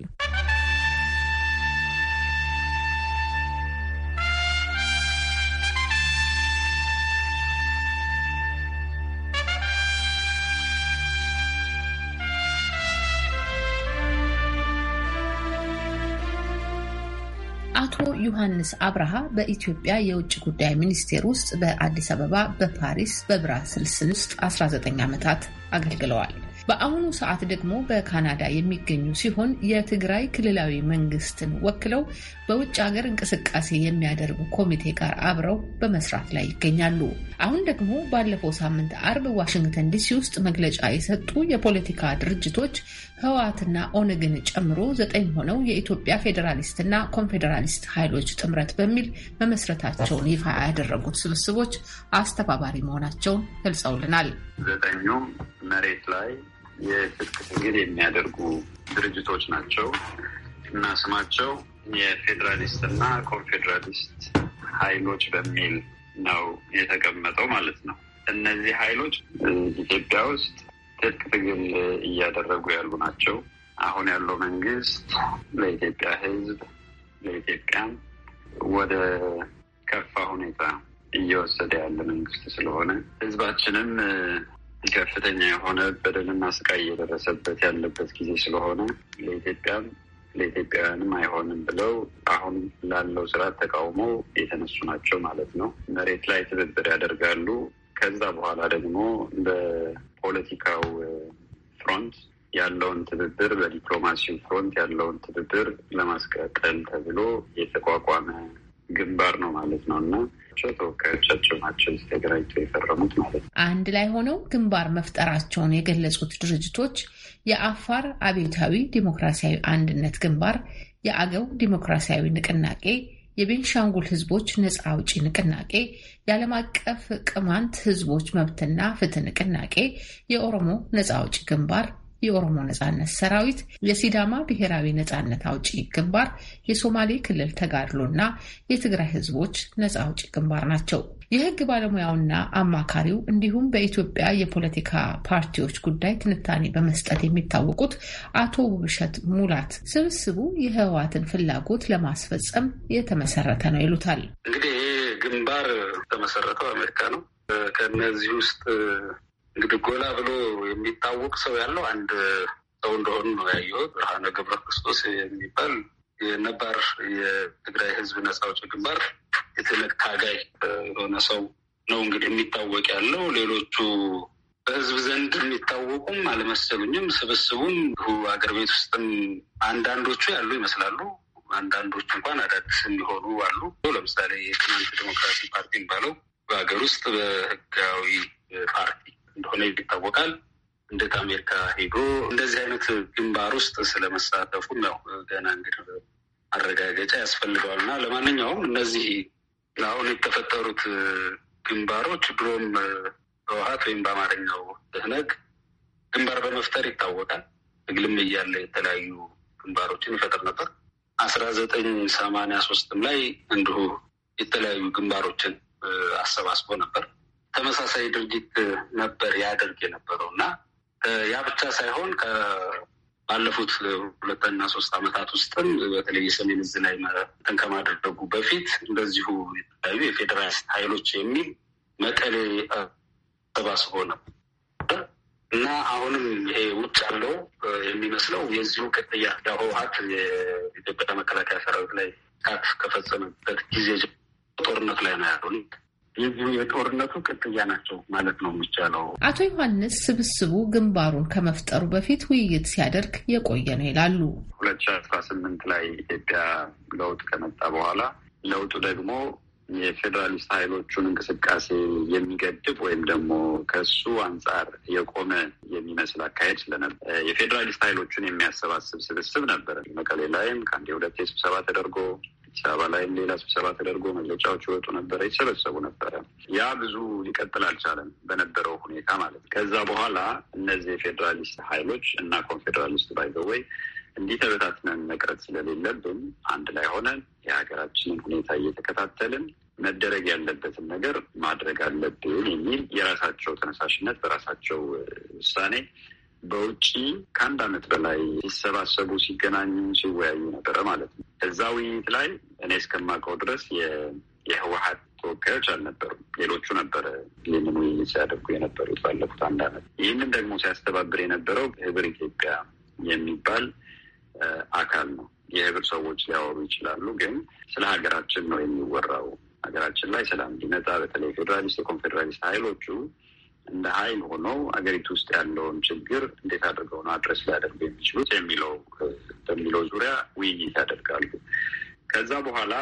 ዮሐንስ አብርሃ በኢትዮጵያ የውጭ ጉዳይ ሚኒስቴር ውስጥ በአዲስ አበባ፣ በፓሪስ፣ በብራስልስ ውስጥ 19 ዓመታት አገልግለዋል። በአሁኑ ሰዓት ደግሞ በካናዳ የሚገኙ ሲሆን የትግራይ ክልላዊ መንግስትን ወክለው በውጭ ሀገር እንቅስቃሴ የሚያደርጉ ኮሚቴ ጋር አብረው በመስራት ላይ ይገኛሉ። አሁን ደግሞ ባለፈው ሳምንት አርብ ዋሽንግተን ዲሲ ውስጥ መግለጫ የሰጡ የፖለቲካ ድርጅቶች ህወሓትና ኦነግን ጨምሮ ዘጠኝ ሆነው የኢትዮጵያ ፌዴራሊስትና ኮንፌዴራሊስት ኃይሎች ጥምረት በሚል መመስረታቸውን ይፋ ያደረጉት ስብስቦች አስተባባሪ መሆናቸውን ገልጸውልናል። ዘጠኙም መሬት ላይ የትጥቅ ትግል የሚያደርጉ ድርጅቶች ናቸው እና ስማቸው የፌዴራሊስትና ኮንፌዴራሊስት ኃይሎች በሚል ነው የተቀመጠው ማለት ነው። እነዚህ ኃይሎች ኢትዮጵያ ውስጥ ትጥቅ ትግል እያደረጉ ያሉ ናቸው። አሁን ያለው መንግስት ለኢትዮጵያ ሕዝብ ለኢትዮጵያም ወደ ከፋ ሁኔታ እየወሰደ ያለ መንግስት ስለሆነ ሕዝባችንም ከፍተኛ የሆነ በደልና ስቃይ እየደረሰበት ያለበት ጊዜ ስለሆነ ለኢትዮጵያም ለኢትዮጵያውያንም አይሆንም ብለው አሁን ላለው ስርዓት ተቃውሞ የተነሱ ናቸው ማለት ነው። መሬት ላይ ትብብር ያደርጋሉ። ከዛ በኋላ ደግሞ በፖለቲካው ፍሮንት ያለውን ትብብር በዲፕሎማሲው ፍሮንት ያለውን ትብብር ለማስቀጠል ተብሎ የተቋቋመ ግንባር ነው ማለት ነው እና ተወካዮቻቸው ናቸው ተገናኝተው የፈረሙት ማለት ነው። አንድ ላይ ሆነው ግንባር መፍጠራቸውን የገለጹት ድርጅቶች የአፋር አብዮታዊ ዲሞክራሲያዊ አንድነት ግንባር፣ የአገው ዲሞክራሲያዊ ንቅናቄ የቤንሻንጉል ህዝቦች ነፃ አውጪ ንቅናቄ፣ የዓለም አቀፍ ቅማንት ህዝቦች መብትና ፍትህ ንቅናቄ፣ የኦሮሞ ነፃ አውጪ ግንባር የኦሮሞ ነጻነት ሰራዊት፣ የሲዳማ ብሔራዊ ነጻነት አውጪ ግንባር፣ የሶማሌ ክልል ተጋድሎና የትግራይ ህዝቦች ነጻ አውጪ ግንባር ናቸው። የህግ ባለሙያውና አማካሪው እንዲሁም በኢትዮጵያ የፖለቲካ ፓርቲዎች ጉዳይ ትንታኔ በመስጠት የሚታወቁት አቶ ውብሸት ሙላት ስብስቡ የህወሓትን ፍላጎት ለማስፈጸም የተመሰረተ ነው ይሉታል። እንግዲህ ይህ ግንባር የተመሰረተው አሜሪካ ነው። ከእነዚህ ውስጥ እንግዲህ ጎላ ብሎ የሚታወቅ ሰው ያለው አንድ ሰው እንደሆኑ ነው ያየሁት። ብርሃነ ገብረ ክርስቶስ የሚባል የነባር የትግራይ ህዝብ ነጻ አውጪ ግንባር የትልቅ ታጋይ የሆነ ሰው ነው እንግዲህ የሚታወቅ ያለው። ሌሎቹ በህዝብ ዘንድ የሚታወቁም አልመሰሉኝም። ስብስቡም አገር ቤት ውስጥም አንዳንዶቹ ያሉ ይመስላሉ። አንዳንዶቹ እንኳን አዳዲስ የሚሆኑ አሉ። ለምሳሌ የትናንት ዲሞክራሲ ፓርቲ የሚባለው በሀገር ውስጥ በህጋዊ ፓርቲ እንደሆነ ይታወቃል። እንዴት አሜሪካ ሄዶ እንደዚህ አይነት ግንባር ውስጥ ስለመሳተፉ ያው ገና እንግዲህ ማረጋገጫ ያስፈልገዋል እና ለማንኛውም እነዚህ ለአሁን የተፈጠሩት ግንባሮች ድሮም በውሀት ወይም በአማርኛው ደህነግ ግንባር በመፍጠር ይታወቃል። እግልም እያለ የተለያዩ ግንባሮችን ይፈጥር ነበር። አስራ ዘጠኝ ሰማንያ ሶስትም ላይ እንዲሁ የተለያዩ ግንባሮችን አሰባስቦ ነበር። ተመሳሳይ ድርጊት ነበር ያደርግ የነበረው እና ያ ብቻ ሳይሆን ባለፉት ሁለትና ሶስት ዓመታት ውስጥም በተለይ የሰሜን እዝ ላይ እንትን ከማድረጉ በፊት እንደዚሁ የተለያዩ የፌዴራል ኃይሎች የሚል መቀሌ ተሰባስቦ ነው እና አሁንም ይሄ ውጭ አለው የሚመስለው የዚሁ ቅጥያ ህወሓት የኢትዮጵያ መከላከያ ሰራዊት ላይ ካት ከፈጸመበት ጊዜ ጦርነት ላይ ነው ያለው የዚሁ የጦርነቱ ቅጥያ ናቸው ማለት ነው የሚቻለው። አቶ ዮሐንስ ስብስቡ ግንባሩን ከመፍጠሩ በፊት ውይይት ሲያደርግ የቆየ ነው ይላሉ። ሁለት ሺ አስራ ስምንት ላይ ኢትዮጵያ ለውጥ ከመጣ በኋላ ለውጡ ደግሞ የፌዴራሊስት ኃይሎቹን እንቅስቃሴ የሚገድብ ወይም ደግሞ ከሱ አንጻር የቆመ የሚመስል አካሄድ ስለነበር የፌዴራሊስት ኃይሎቹን የሚያሰባስብ ስብስብ ነበር። መቀሌ ላይም ከአንድ ሁለት የስብሰባ ተደርጎ አዲስ አበባ ላይም ሌላ ስብሰባ ተደርጎ መግለጫዎች ይወጡ ነበረ፣ ይሰበሰቡ ነበረ። ያ ብዙ ሊቀጥል አልቻለም በነበረው ሁኔታ ማለት። ከዛ በኋላ እነዚህ የፌዴራሊስት ሀይሎች እና ኮንፌዴራሊስት ባይዘወይ እንዲህ ተበታትነን መቅረት ስለሌለብን አንድ ላይ ሆነን የሀገራችንን ሁኔታ እየተከታተልን መደረግ ያለበትን ነገር ማድረግ አለብን የሚል የራሳቸው ተነሳሽነት በራሳቸው ውሳኔ በውጭ ከአንድ አመት በላይ ሲሰባሰቡ ሲገናኙ ሲወያዩ ነበረ ማለት ነው። እዛ ውይይት ላይ እኔ እስከማውቀው ድረስ የህወሀት ተወካዮች አልነበሩም። ሌሎቹ ነበረ ይህንን ውይይት ሲያደርጉ የነበሩት ባለፉት አንድ አመት። ይህንን ደግሞ ሲያስተባብር የነበረው ህብር ኢትዮጵያ የሚባል አካል ነው። የህብር ሰዎች ሊያወሩ ይችላሉ፣ ግን ስለ ሀገራችን ነው የሚወራው። ሀገራችን ላይ ሰላም እንዲመጣ በተለይ ፌዴራሊስት የኮንፌዴራሊስት ሀይሎቹ እንደ ሀይል ሆነው አገሪቱ ውስጥ ያለውን ችግር እንዴት አድርገው ነው አድረስ ሊያደርጉ የሚችሉት የሚለው በሚለው ዙሪያ ውይይት ያደርጋሉ። ከዛ በኋላ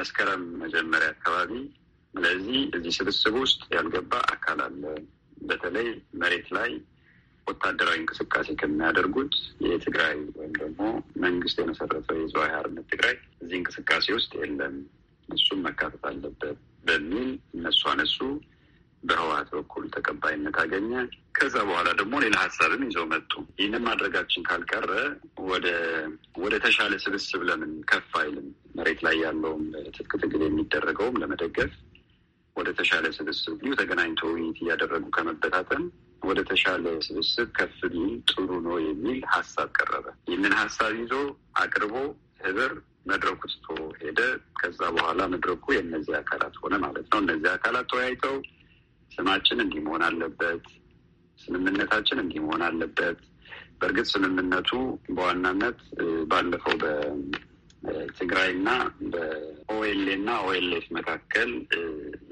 መስከረም መጀመሪያ አካባቢ ስለዚህ እዚህ ስብስብ ውስጥ ያልገባ አካል አለ። በተለይ መሬት ላይ ወታደራዊ እንቅስቃሴ ከሚያደርጉት የትግራይ ወይም ደግሞ መንግስት የመሰረተው የህዝባዊ ሓርነት ትግራይ እዚህ እንቅስቃሴ ውስጥ የለም፣ እሱም መካተት አለበት በሚል እነሱ አነሱ። በህወሀት በኩል ተቀባይነት አገኘ። ከዛ በኋላ ደግሞ ሌላ ሀሳብም ይዘው መጡ። ይህንን ማድረጋችን ካልቀረ ወደ ወደ ተሻለ ስብስብ ለምን ከፍ አይልም? መሬት ላይ ያለውም ትጥቅ ትግል የሚደረገውም ለመደገፍ ወደ ተሻለ ስብስብ ብዩ ተገናኝቶ ውይይት እያደረጉ ከመበታተን ወደ ተሻለ ስብስብ ከፍ ቢል ጥሩ ነው የሚል ሀሳብ ቀረበ። ይህንን ሀሳብ ይዞ አቅርቦ ህብር መድረኩ ስቶ ሄደ። ከዛ በኋላ መድረኩ የእነዚህ አካላት ሆነ ማለት ነው። እነዚህ አካላት ተወያይተው ስማችን እንዲህ መሆን አለበት፣ ስምምነታችን እንዲህ መሆን አለበት። በእርግጥ ስምምነቱ በዋናነት ባለፈው በትግራይ እና በኦኤልኤ እና ኦኤልኤፍ መካከል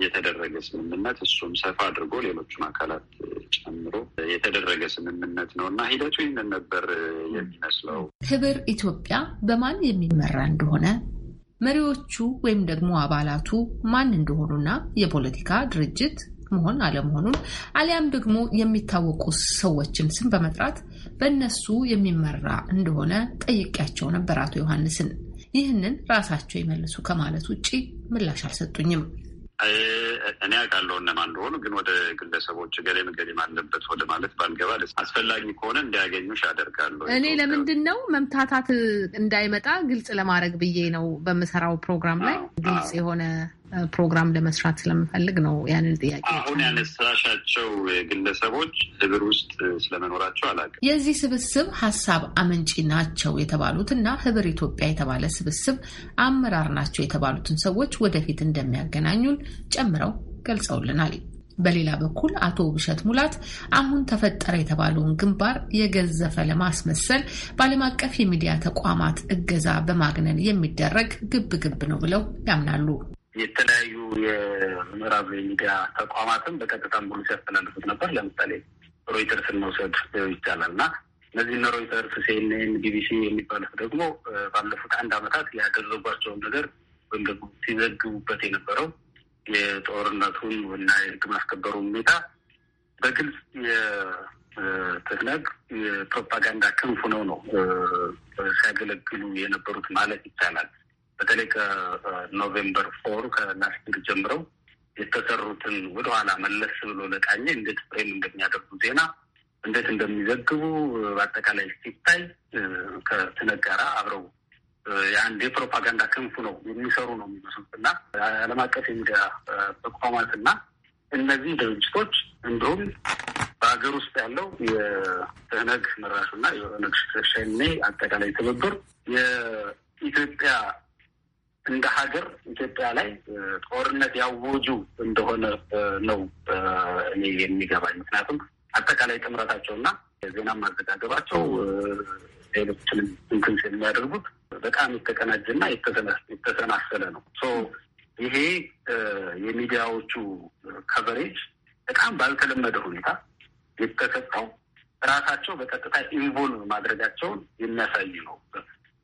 የተደረገ ስምምነት እሱም ሰፋ አድርጎ ሌሎቹን አካላት ጨምሮ የተደረገ ስምምነት ነው እና ሂደቱ ይህንን ነበር የሚመስለው። ህብር ኢትዮጵያ በማን የሚመራ እንደሆነ መሪዎቹ ወይም ደግሞ አባላቱ ማን እንደሆኑና የፖለቲካ ድርጅት መሆን አለመሆኑን አሊያም ደግሞ የሚታወቁ ሰዎችን ስም በመጥራት በእነሱ የሚመራ እንደሆነ ጠይቄያቸው ነበር አቶ ዮሐንስን። ይህንን ራሳቸው ይመልሱ ከማለት ውጭ ምላሽ አልሰጡኝም። እኔ አውቃለሁ እነማን እንደሆኑ፣ ግን ወደ ግለሰቦች ገሌም ገሌም አለበት ወደ ማለት ባንገባ አስፈላጊ ከሆነ እንዲያገኙሽ አደርጋለሁ። እኔ ለምንድን ነው መምታታት እንዳይመጣ ግልጽ ለማድረግ ብዬ ነው በምሰራው ፕሮግራም ላይ ግልጽ የሆነ ፕሮግራም ለመስራት ስለምፈልግ ነው ያንን ጥያቄ። አሁን ያነሳሻቸው ግለሰቦች ህብር ውስጥ ስለመኖራቸው አላውቅም። የዚህ ስብስብ ሀሳብ አመንጪ ናቸው የተባሉት እና ህብር ኢትዮጵያ የተባለ ስብስብ አመራር ናቸው የተባሉትን ሰዎች ወደፊት እንደሚያገናኙን ጨምረው ገልጸውልናል። በሌላ በኩል አቶ ብሸት ሙላት አሁን ተፈጠረ የተባለውን ግንባር የገዘፈ ለማስመሰል በዓለም አቀፍ የሚዲያ ተቋማት እገዛ በማግነን የሚደረግ ግብ ግብ ነው ብለው ያምናሉ። የተለያዩ የምዕራብ ሚዲያ ተቋማትም በቀጥታም ብሉ ሲያስተላልፉት ነበር። ለምሳሌ ሮይተርስን መውሰድ ይቻላል እና እነዚህ እነ ሮይተርስ፣ ሲኤንኤን፣ ቢቢሲ የሚባሉት ደግሞ ባለፉት አንድ ዓመታት ያደረጓቸውን ነገር ወይም ደግሞ ሲዘግቡበት የነበረው የጦርነቱን እና የህግ ማስከበሩ ሁኔታ በግልጽ የትህነግ የፕሮፓጋንዳ ክንፍ ሆነው ነው ሲያገለግሉ የነበሩት ማለት ይቻላል። በተለይ ከኖቬምበር ፎር ከናስቲር ጀምረው የተሰሩትን ወደኋላ መለስ ብሎ ለቃኘ እንዴት ፍሬም እንደሚያደርጉ ዜና እንዴት እንደሚዘግቡ በአጠቃላይ ሲታይ ከትነጋራ አብረው የአንድ የፕሮፓጋንዳ ክንፉ ነው የሚሰሩ ነው የሚመስሉት እና ዓለም አቀፍ የሚዲያ ተቋማት እና እነዚህ ድርጅቶች እንዲሁም በሀገር ውስጥ ያለው የኦነግ መራሹና የኦነግ ሸኔ አጠቃላይ ትብብር የኢትዮጵያ እንደ ሀገር ኢትዮጵያ ላይ ጦርነት ያወጁ እንደሆነ ነው እኔ የሚገባኝ። ምክንያቱም አጠቃላይ ጥምረታቸውና የዜና ማዘጋገባቸው ሌሎችንም እንክንስ የሚያደርጉት በጣም የተቀናጀና የተሰናሰለ ነው። ይሄ የሚዲያዎቹ ከቨሬጅ በጣም ባልተለመደ ሁኔታ የተሰጠው ራሳቸው በቀጥታ ኢንቮልቭ ማድረጋቸውን የሚያሳይ ነው።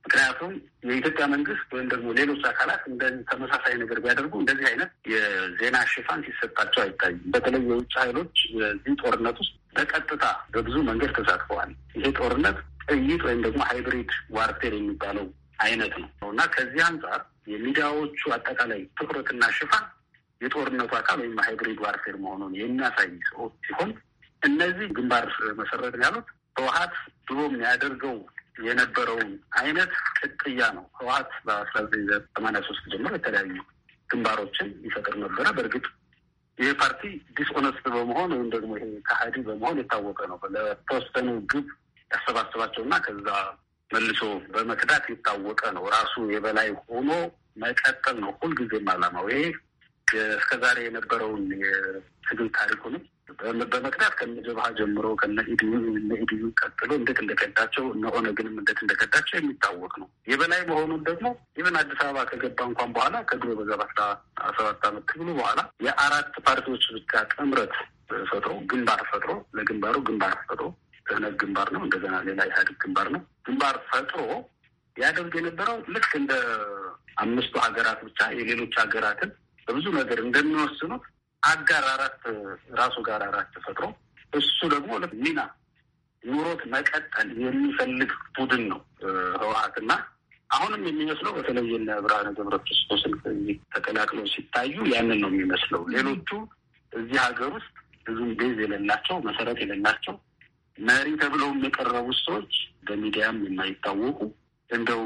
ምክንያቱም የኢትዮጵያ መንግስት ወይም ደግሞ ሌሎች አካላት እንደ ተመሳሳይ ነገር ቢያደርጉ እንደዚህ አይነት የዜና ሽፋን ሲሰጣቸው አይታይም። በተለይ የውጭ ኃይሎች በዚህ ጦርነት ውስጥ በቀጥታ በብዙ መንገድ ተሳትፈዋል። ይሄ ጦርነት ጥይት ወይም ደግሞ ሃይብሪድ ዋርቴር የሚባለው አይነት ነው እና ከዚህ አንጻር የሚዲያዎቹ አጠቃላይ ትኩረትና ሽፋን የጦርነቱ አካል ወይም ሃይብሪድ ዋርፌር መሆኑን የሚያሳይ ሲሆን እነዚህ ግንባር መሰረት ያሉት ህወሀት ድሮ የሚያደርገው የነበረውን አይነት ቅጥያ ነው። ህወሀት በአስራ ዘጠኝ ሰማንያ ሶስት ጀምሮ የተለያዩ ግንባሮችን ይፈጥር ነበረ። በእርግጥ ይሄ ፓርቲ ዲስኦነስት በመሆን ወይም ደግሞ ይሄ ከሀዲ በመሆን የታወቀ ነው። ለተወሰኑ ግብ ያሰባሰባቸውና ከዛ መልሶ በመክዳት የታወቀ ነው። ራሱ የበላይ ሆኖ መቀጠል ነው ሁልጊዜም አላማው። ይሄ እስከዛሬ የነበረውን የትግል ታሪኩንም በምክንያት ከነ ጀብሃ ጀምሮ ከነ ቀጥሎ እንዴት እንደቀዳቸው እነ ኦነግንም እንዴት እንደቀዳቸው የሚታወቅ ነው። የበላይ መሆኑን ደግሞ ኢቨን አዲስ አበባ ከገባ እንኳን በኋላ ከድሮ በገባ አስራ ሰባት አመት ትግሉ በኋላ የአራት ፓርቲዎች ብቻ ጥምረት ፈጥሮ ግንባር ፈጥሮ ለግንባሩ ግንባር ፈጥሮ ደህነት ግንባር ነው። እንደገና ሌላ ኢህአዴግ ግንባር ነው። ግንባር ፈጥሮ ያደርግ የነበረው ልክ እንደ አምስቱ ሀገራት ብቻ የሌሎች ሀገራትን በብዙ ነገር እንደሚወስኑት አጋር አራት ራሱ ጋር አራት ተፈጥሮ እሱ ደግሞ ሚና ኑሮት መቀጠል የሚፈልግ ቡድን ነው ህወሀትና አሁንም የሚመስለው በተለይ እነ ብርሃነ ገብረ ክርስቶስን ተቀላቅለው ሲታዩ ያንን ነው የሚመስለው። ሌሎቹ እዚህ ሀገር ውስጥ ብዙም ቤዝ የሌላቸው መሰረት የሌላቸው መሪ ተብለውም የቀረቡት ሰዎች በሚዲያም የማይታወቁ እንደው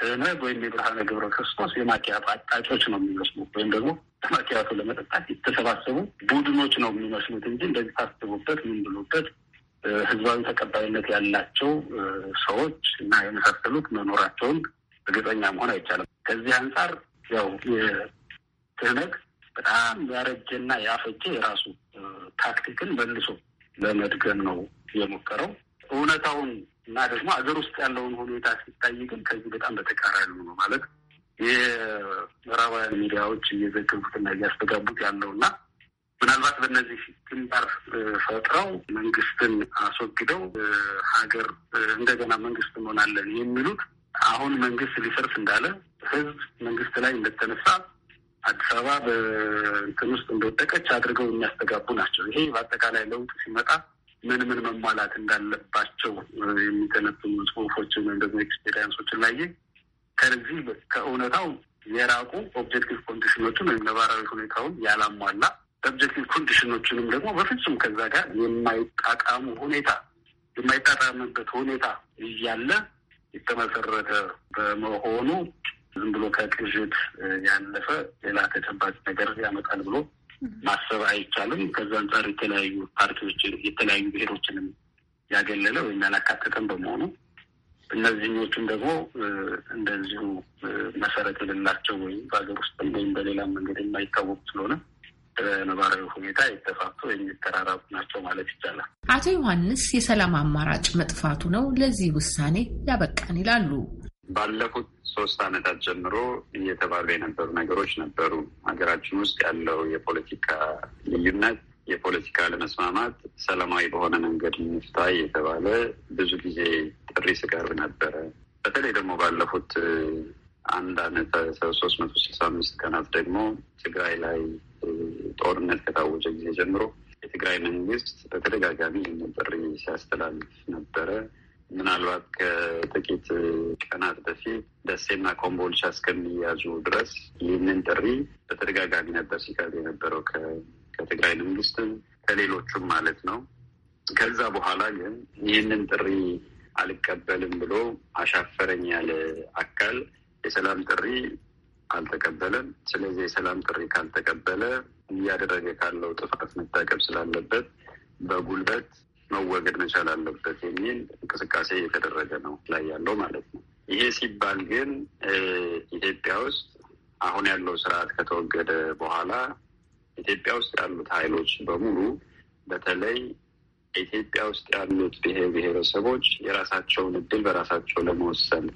ትህነት ወይም የብርሃነ ገብረ ክርስቶስ የማኪያቱ አጣጮች ነው የሚመስሉት ወይም ደግሞ ማኪያቱ ለመጠጣት የተሰባሰቡ ቡድኖች ነው የሚመስሉት እንጂ እንደዚህ ታስቡበት ምን ብሎበት ህዝባዊ ተቀባይነት ያላቸው ሰዎች እና የመሳሰሉት መኖራቸውን እርግጠኛ መሆን አይቻልም። ከዚህ አንጻር ያው የትህነግ በጣም ያረጀና ያፈጀ የራሱ ታክቲክን መልሶ ለመድገም ነው የሞከረው እውነታውን እና ደግሞ ሀገር ውስጥ ያለውን ሁኔታ ሲታይ ግን ከዚህ በጣም በተቃራኒ ነው ማለት የምዕራባውያን ሚዲያዎች እየዘገቡትና እያስተጋቡት ያለው እና ምናልባት በእነዚህ ግንባር ፈጥረው መንግስትን አስወግደው ሀገር እንደገና መንግስት እንሆናለን የሚሉት አሁን መንግስት ሊሰርፍ እንዳለ ህዝብ መንግስት ላይ እንደተነሳ አዲስ አበባ በእንትን ውስጥ እንደወደቀች አድርገው የሚያስተጋቡ ናቸው። ይሄ በአጠቃላይ ለውጥ ሲመጣ ምን ምን መሟላት እንዳለባቸው የሚተነትኑ ጽሁፎችን ወይም ደግሞ ኤክስፔሪንሶችን ላይ ከዚህ ከእውነታው የራቁ ኦብጀክቲቭ ኮንዲሽኖችን ወይም ነባራዊ ሁኔታውን ያላሟላ ኦብጀክቲቭ ኮንዲሽኖችንም ደግሞ በፍጹም ከዛ ጋር የማይጣጣሙ ሁኔታ የማይጣጣምበት ሁኔታ እያለ የተመሰረተ በመሆኑ ዝም ብሎ ከቅዥት ያለፈ ሌላ ተጨባጭ ነገር ያመጣል ብሎ ማሰብ አይቻልም። ከዛ አንጻር የተለያዩ ፓርቲዎች የተለያዩ ብሔሮችንም ያገለለ ወይም ያላካተተም በመሆኑ እነዚህኞቹም ደግሞ እንደዚሁ መሰረት የሌላቸው ወይም በሀገር ውስጥም ወይም በሌላ መንገድ የማይታወቁ ስለሆነ በነባራዊ ሁኔታ የተፋቱ ወይም የተራራቁ ናቸው ማለት ይቻላል። አቶ ዮሐንስ የሰላም አማራጭ መጥፋቱ ነው ለዚህ ውሳኔ ያበቃን ይላሉ። ባለፉት ሶስት አመታት ጀምሮ እየተባሉ የነበሩ ነገሮች ነበሩ። ሀገራችን ውስጥ ያለው የፖለቲካ ልዩነት፣ የፖለቲካ ለመስማማት ሰላማዊ በሆነ መንገድ ይፍታ እየተባለ ብዙ ጊዜ ጥሪ ስቀርብ ነበረ። በተለይ ደግሞ ባለፉት አንድ አመት ሶስት መቶ ስልሳ አምስት ቀናት ደግሞ ትግራይ ላይ ጦርነት ከታወጀ ጊዜ ጀምሮ የትግራይ መንግስት በተደጋጋሚ ጥሪ ሲያስተላልፍ ነበረ። ምናልባት ከጥቂት ቀናት በፊት ደሴና ኮምቦልቻ እስከሚያዙ ድረስ ይህንን ጥሪ በተደጋጋሚ ነበር ሲቀርብ የነበረው ከትግራይ መንግስትም ከሌሎቹም ማለት ነው። ከዛ በኋላ ግን ይህንን ጥሪ አልቀበልም ብሎ አሻፈረኝ ያለ አካል የሰላም ጥሪ አልተቀበለም። ስለዚህ የሰላም ጥሪ ካልተቀበለ እያደረገ ካለው ጥፋት መታቀብ ስላለበት በጉልበት መወገድ መቻል አለበት የሚል እንቅስቃሴ እየተደረገ ነው ላይ ያለው ማለት ነው። ይሄ ሲባል ግን ኢትዮጵያ ውስጥ አሁን ያለው ስርዓት ከተወገደ በኋላ ኢትዮጵያ ውስጥ ያሉት ኃይሎች በሙሉ በተለይ ኢትዮጵያ ውስጥ ያሉት ብሔር ብሔረሰቦች የራሳቸውን እድል በራሳቸው ለመወሰን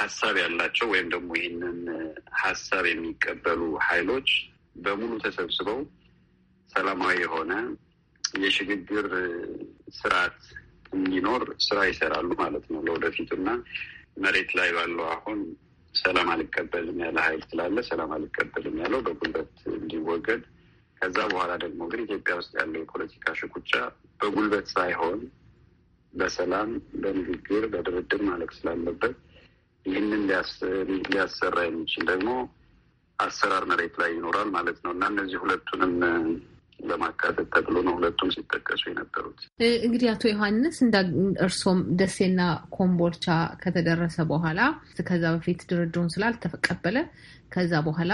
ሀሳብ ያላቸው ወይም ደግሞ ይህንን ሀሳብ የሚቀበሉ ኃይሎች በሙሉ ተሰብስበው ሰላማዊ የሆነ የሽግግር ስርዓት እንዲኖር ስራ ይሰራሉ ማለት ነው ለወደፊቱና መሬት ላይ ባለው አሁን ሰላም አልቀበልም ያለ ኃይል ስላለ ሰላም አልቀበልም ያለው በጉልበት እንዲወገድ ከዛ በኋላ ደግሞ ግን ኢትዮጵያ ውስጥ ያለው የፖለቲካ ሽኩቻ በጉልበት ሳይሆን በሰላም በንግግር በድርድር ማለቅ ስላለበት ይህንን ሊያሰራ የሚችል ደግሞ አሰራር መሬት ላይ ይኖራል ማለት ነው እና እነዚህ ሁለቱንም ለማካተት ተብሎ ነው ሁለቱም ሲጠቀሱ የነበሩት። እንግዲህ አቶ ዮሐንስ እንደ እርሶም ደሴና ኮምቦልቻ ከተደረሰ በኋላ ከዛ በፊት ድርድሩን ስላልተቀበለ ከዛ በኋላ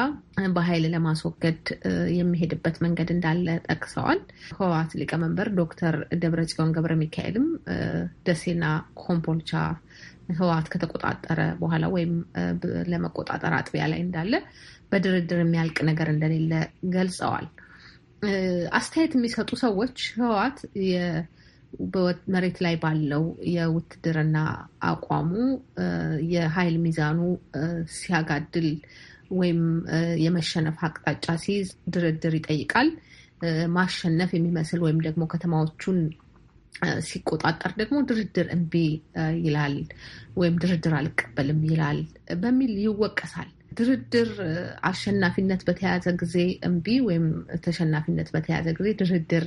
በኃይል ለማስወገድ የሚሄድበት መንገድ እንዳለ ጠቅሰዋል። ህወሓት ሊቀመንበር ዶክተር ደብረጽዮን ገብረ ሚካኤልም ደሴና ኮምቦልቻ ህወሓት ከተቆጣጠረ በኋላ ወይም ለመቆጣጠር አጥቢያ ላይ እንዳለ በድርድር የሚያልቅ ነገር እንደሌለ ገልጸዋል። አስተያየት የሚሰጡ ሰዎች ህወሓት መሬት ላይ ባለው የውትድርና አቋሙ የኃይል ሚዛኑ ሲያጋድል ወይም የመሸነፍ አቅጣጫ ሲይዝ ድርድር ይጠይቃል። ማሸነፍ የሚመስል ወይም ደግሞ ከተማዎቹን ሲቆጣጠር ደግሞ ድርድር እምቢ ይላል ወይም ድርድር አልቀበልም ይላል በሚል ይወቀሳል። ድርድር አሸናፊነት በተያዘ ጊዜ እምቢ ወይም ተሸናፊነት በተያዘ ጊዜ ድርድር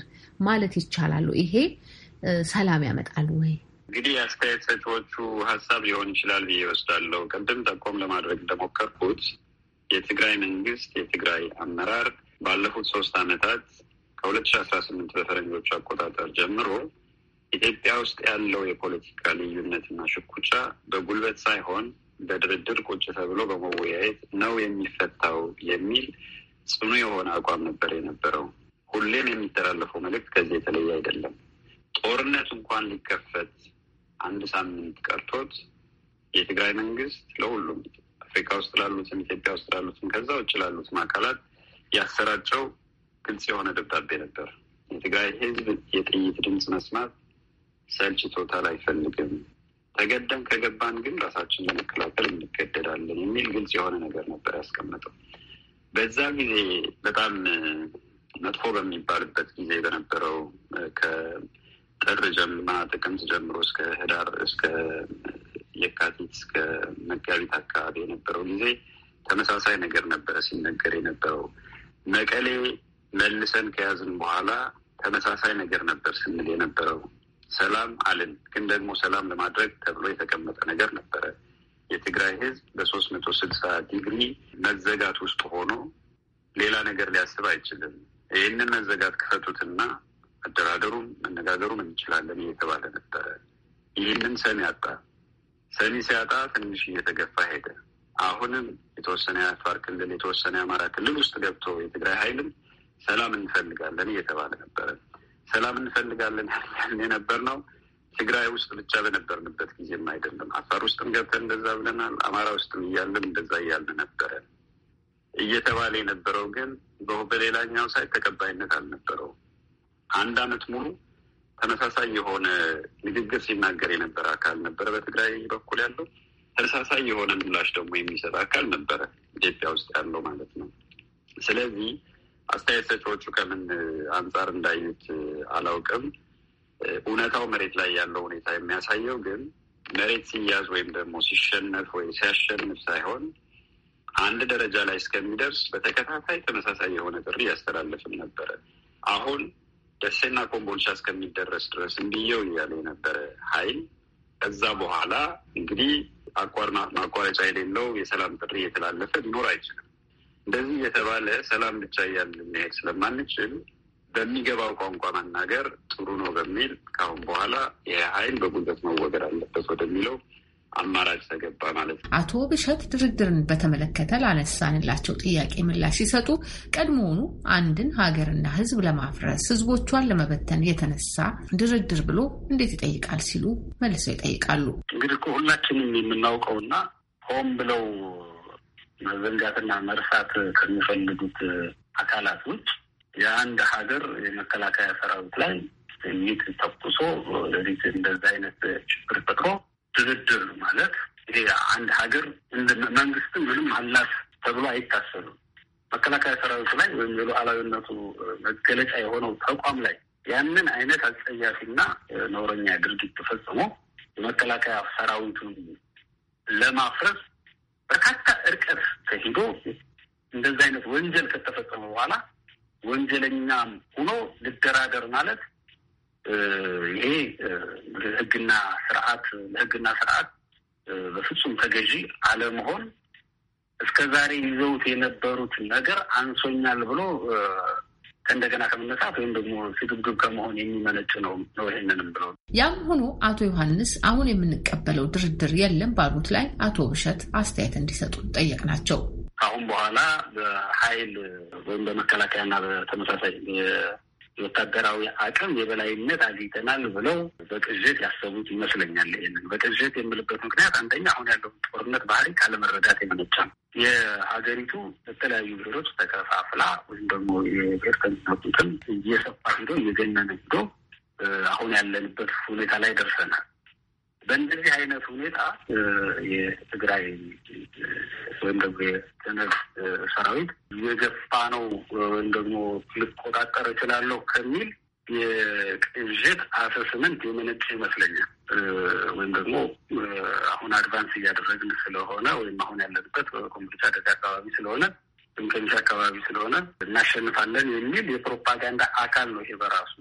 ማለት ይቻላሉ። ይሄ ሰላም ያመጣል ወይ? እንግዲህ አስተያየት ሰጪዎቹ ሀሳብ ሊሆን ይችላል ብዬ እወስዳለሁ። ቅድም ጠቆም ለማድረግ እንደሞከርኩት የትግራይ መንግስት የትግራይ አመራር ባለፉት ሶስት አመታት ከሁለት ሺ አስራ ስምንት በፈረንጆቹ አቆጣጠር ጀምሮ ኢትዮጵያ ውስጥ ያለው የፖለቲካ ልዩነትና ሽኩቻ በጉልበት ሳይሆን በድርድር ቁጭ ተብሎ በመወያየት ነው የሚፈታው የሚል ጽኑ የሆነ አቋም ነበር የነበረው። ሁሌም የሚተላለፈው መልእክት ከዚህ የተለየ አይደለም። ጦርነት እንኳን ሊከፈት አንድ ሳምንት ቀርቶት የትግራይ መንግስት ለሁሉም አፍሪካ ውስጥ ላሉትም ኢትዮጵያ ውስጥ ላሉትም ከዛ ውጭ ላሉትም አካላት ያሰራጨው ግልጽ የሆነ ደብዳቤ ነበር። የትግራይ ህዝብ የጥይት ድምፅ መስማት ሰልችቶታል፣ አይፈልግም ተገደም ከገባን ግን ራሳችን ለመከላከል እንገደዳለን የሚል ግልጽ የሆነ ነገር ነበር ያስቀመጠው። በዛ ጊዜ በጣም መጥፎ በሚባልበት ጊዜ በነበረው ከጥር ጀማ ጥቅምት ጀምሮ እስከ ህዳር እስከ የካቲት እስከ መጋቢት አካባቢ የነበረው ጊዜ ተመሳሳይ ነገር ነበረ ሲነገር የነበረው። መቀሌ መልሰን ከያዝን በኋላ ተመሳሳይ ነገር ነበር ስንል የነበረው ሰላም አልን። ግን ደግሞ ሰላም ለማድረግ ተብሎ የተቀመጠ ነገር ነበረ። የትግራይ ህዝብ በሶስት መቶ ስልሳ ዲግሪ መዘጋት ውስጥ ሆኖ ሌላ ነገር ሊያስብ አይችልም። ይህንን መዘጋት ክፈቱትና መደራደሩም መነጋገሩም እንችላለን እየተባለ ነበረ። ይህንን ሰሚ አጣ። ሰሚ ሲያጣ ትንሽ እየተገፋ ሄደ። አሁንም የተወሰነ የአፋር ክልል የተወሰነ የአማራ ክልል ውስጥ ገብቶ የትግራይ ኃይልም ሰላም እንፈልጋለን እየተባለ ነበረ። ሰላም እንፈልጋለን ያለን የነበር ነው። ትግራይ ውስጥ ብቻ በነበርንበት ጊዜም አይደለም። አፋር ውስጥም ገብተን እንደዛ ብለናል። አማራ ውስጥም እያለን እንደዛ እያልን ነበረ። እየተባለ የነበረው ግን በሌላኛው ሳይድ ተቀባይነት አልነበረው አንድ አመት ሙሉ ተመሳሳይ የሆነ ንግግር ሲናገር የነበረ አካል ነበረ። በትግራይ በኩል ያለው ተመሳሳይ የሆነ ምላሽ ደግሞ የሚሰጥ አካል ነበረ፣ ኢትዮጵያ ውስጥ ያለው ማለት ነው። ስለዚህ አስተያየት ሰጪዎቹ ከምን አንጻር እንዳዩት አላውቅም። እውነታው መሬት ላይ ያለው ሁኔታ የሚያሳየው ግን መሬት ሲያዝ ወይም ደግሞ ሲሸነፍ ወይ ሲያሸንፍ ሳይሆን አንድ ደረጃ ላይ እስከሚደርስ በተከታታይ ተመሳሳይ የሆነ ጥሪ ያስተላለፍም ነበረ። አሁን ደሴና ኮምቦልቻ እስከሚደረስ ድረስ እንዲየው እያለ የነበረ ኃይል ከዛ በኋላ እንግዲህ አቋር ማቋረጫ የሌለው የሰላም ጥሪ የተላለፈ ሊኖር አይችልም። እንደዚህ እየተባለ ሰላም ብቻ እያልን መሄድ ስለማንችል በሚገባው ቋንቋ መናገር ጥሩ ነው በሚል ከአሁን በኋላ ይህ ኃይል በጉልበት መወገድ አለበት ወደሚለው አማራጭ ተገባ ማለት ነው። አቶ ብሸት ድርድርን በተመለከተ ላነሳንላቸው ጥያቄ ምላሽ ሲሰጡ ቀድሞውኑ አንድን ሀገርና ሕዝብ ለማፍረስ ሕዝቦቿን ለመበተን የተነሳ ድርድር ብሎ እንዴት ይጠይቃል ሲሉ መልሰው ይጠይቃሉ። እንግዲህ ሁላችንም የምናውቀውና ሆን ብለው መዘንጋትና መርሳት ከሚፈልጉት አካላት ውጭ የአንድ ሀገር የመከላከያ ሰራዊት ላይ ጥይት ተኩሶ ወደፊት እንደዛ አይነት ችግር ፈጥሮ ድርድር ማለት ይሄ አንድ ሀገር መንግስት ምንም አላት ተብሎ አይታሰብም። መከላከያ ሰራዊቱ ላይ ወይም የሉዓላዊነቱ መገለጫ የሆነው ተቋም ላይ ያንን አይነት አጸያፊና ኖረኛ ድርጊት ተፈጽሞ የመከላከያ ሰራዊቱን ለማፍረስ በርካታ እርቀት ተሂዶ እንደዚህ አይነት ወንጀል ከተፈጸመ በኋላ ወንጀለኛም ሆኖ ልደራደር ማለት ይሄ ህግና ስርዓት ለህግና ስርዓት በፍጹም ተገዢ አለመሆን እስከ ዛሬ ይዘውት የነበሩት ነገር አንሶኛል ብሎ ከእንደገና ከመነሳት ወይም ደግሞ ሲግብግብ ከመሆን የሚመነጭ ነው ነው ይህንንም ብለው ያም ሆኖ አቶ ዮሐንስ አሁን የምንቀበለው ድርድር የለም ባሉት ላይ አቶ ብሸት አስተያየት እንዲሰጡን ጠየቅናቸው። አሁን በኋላ በኃይል ወይም በመከላከያና በተመሳሳይ የወታደራዊ አቅም የበላይነት አግኝተናል ብለው በቅዥት ያሰቡት ይመስለኛል። ይህንን በቅዥት የምልበት ምክንያት አንደኛ አሁን ያለው ጦርነት ባህሪ ካለመረዳት የመነጫ ነው። የሀገሪቱ በተለያዩ ብሔሮች ተከፋፍላ ወይም ደግሞ የብሔር ተሚናቁትን እየሰፋ ሂዶ እየገነነ ሂዶ አሁን ያለንበት ሁኔታ ላይ ደርሰናል። በእንደዚህ አይነት ሁኔታ የትግራይ ወይም ደግሞ የትነግ ሰራዊት የገፋ ነው ወይም ደግሞ ልቆጣጠር እችላለሁ ከሚል የቅዥት አሰስመንት የመነጨ ይመስለኛል። ወይም ደግሞ አሁን አድቫንስ እያደረግን ስለሆነ ወይም አሁን ያለንበት ኮምፒውተር አደጋ አካባቢ ስለሆነ ቀሚስ አካባቢ ስለሆነ እናሸንፋለን የሚል የፕሮፓጋንዳ አካል ነው ይሄ በራሱ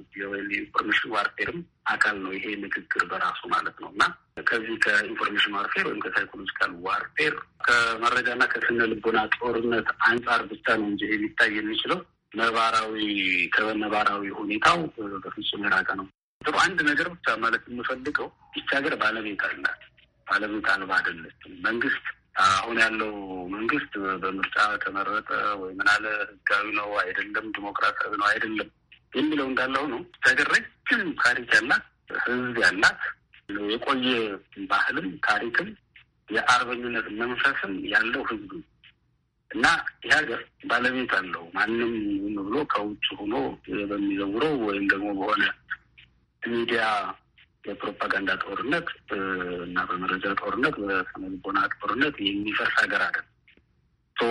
የኢንፎርሜሽን ዋርፌርም አካል ነው ይሄ ንግግር በራሱ ማለት ነው እና ከዚህ ከኢንፎርሜሽን ዋርፌር ወይም ከሳይኮሎጂካል ዋርፌር ከመረጃና ከስነ ልቦና ጦርነት አንጻር ብቻ ነው እንጂ ሊታይ የሚችለው ነባራዊ ከነባራዊ ሁኔታው በፍጹም የራቀ ነው። ጥሩ አንድ ነገር ብቻ ማለት የምፈልገው ይቻገር ባለቤት አላት፣ ባለቤት አልባ አይደለችም። መንግስት አሁን ያለው መንግስት በምርጫ ተመረጠ ወይ ምናለ ህጋዊ ነው አይደለም፣ ዲሞክራሲያዊ ነው አይደለም የሚለው እንዳለው ነው። ነገር ረጅም ታሪክ ያላት ህዝብ ያላት የቆየ ባህልም ታሪክም የአርበኝነት መንፈስም ያለው ህዝብ እና ይህ ሀገር ባለቤት አለው። ማንም ዝም ብሎ ከውጭ ሆኖ በሚዘውረው ወይም ደግሞ በሆነ ሚዲያ የፕሮፓጋንዳ ጦርነት እና በመረጃ ጦርነት፣ በስነልቦና ጦርነት የሚፈርስ ሀገር አለ ቶ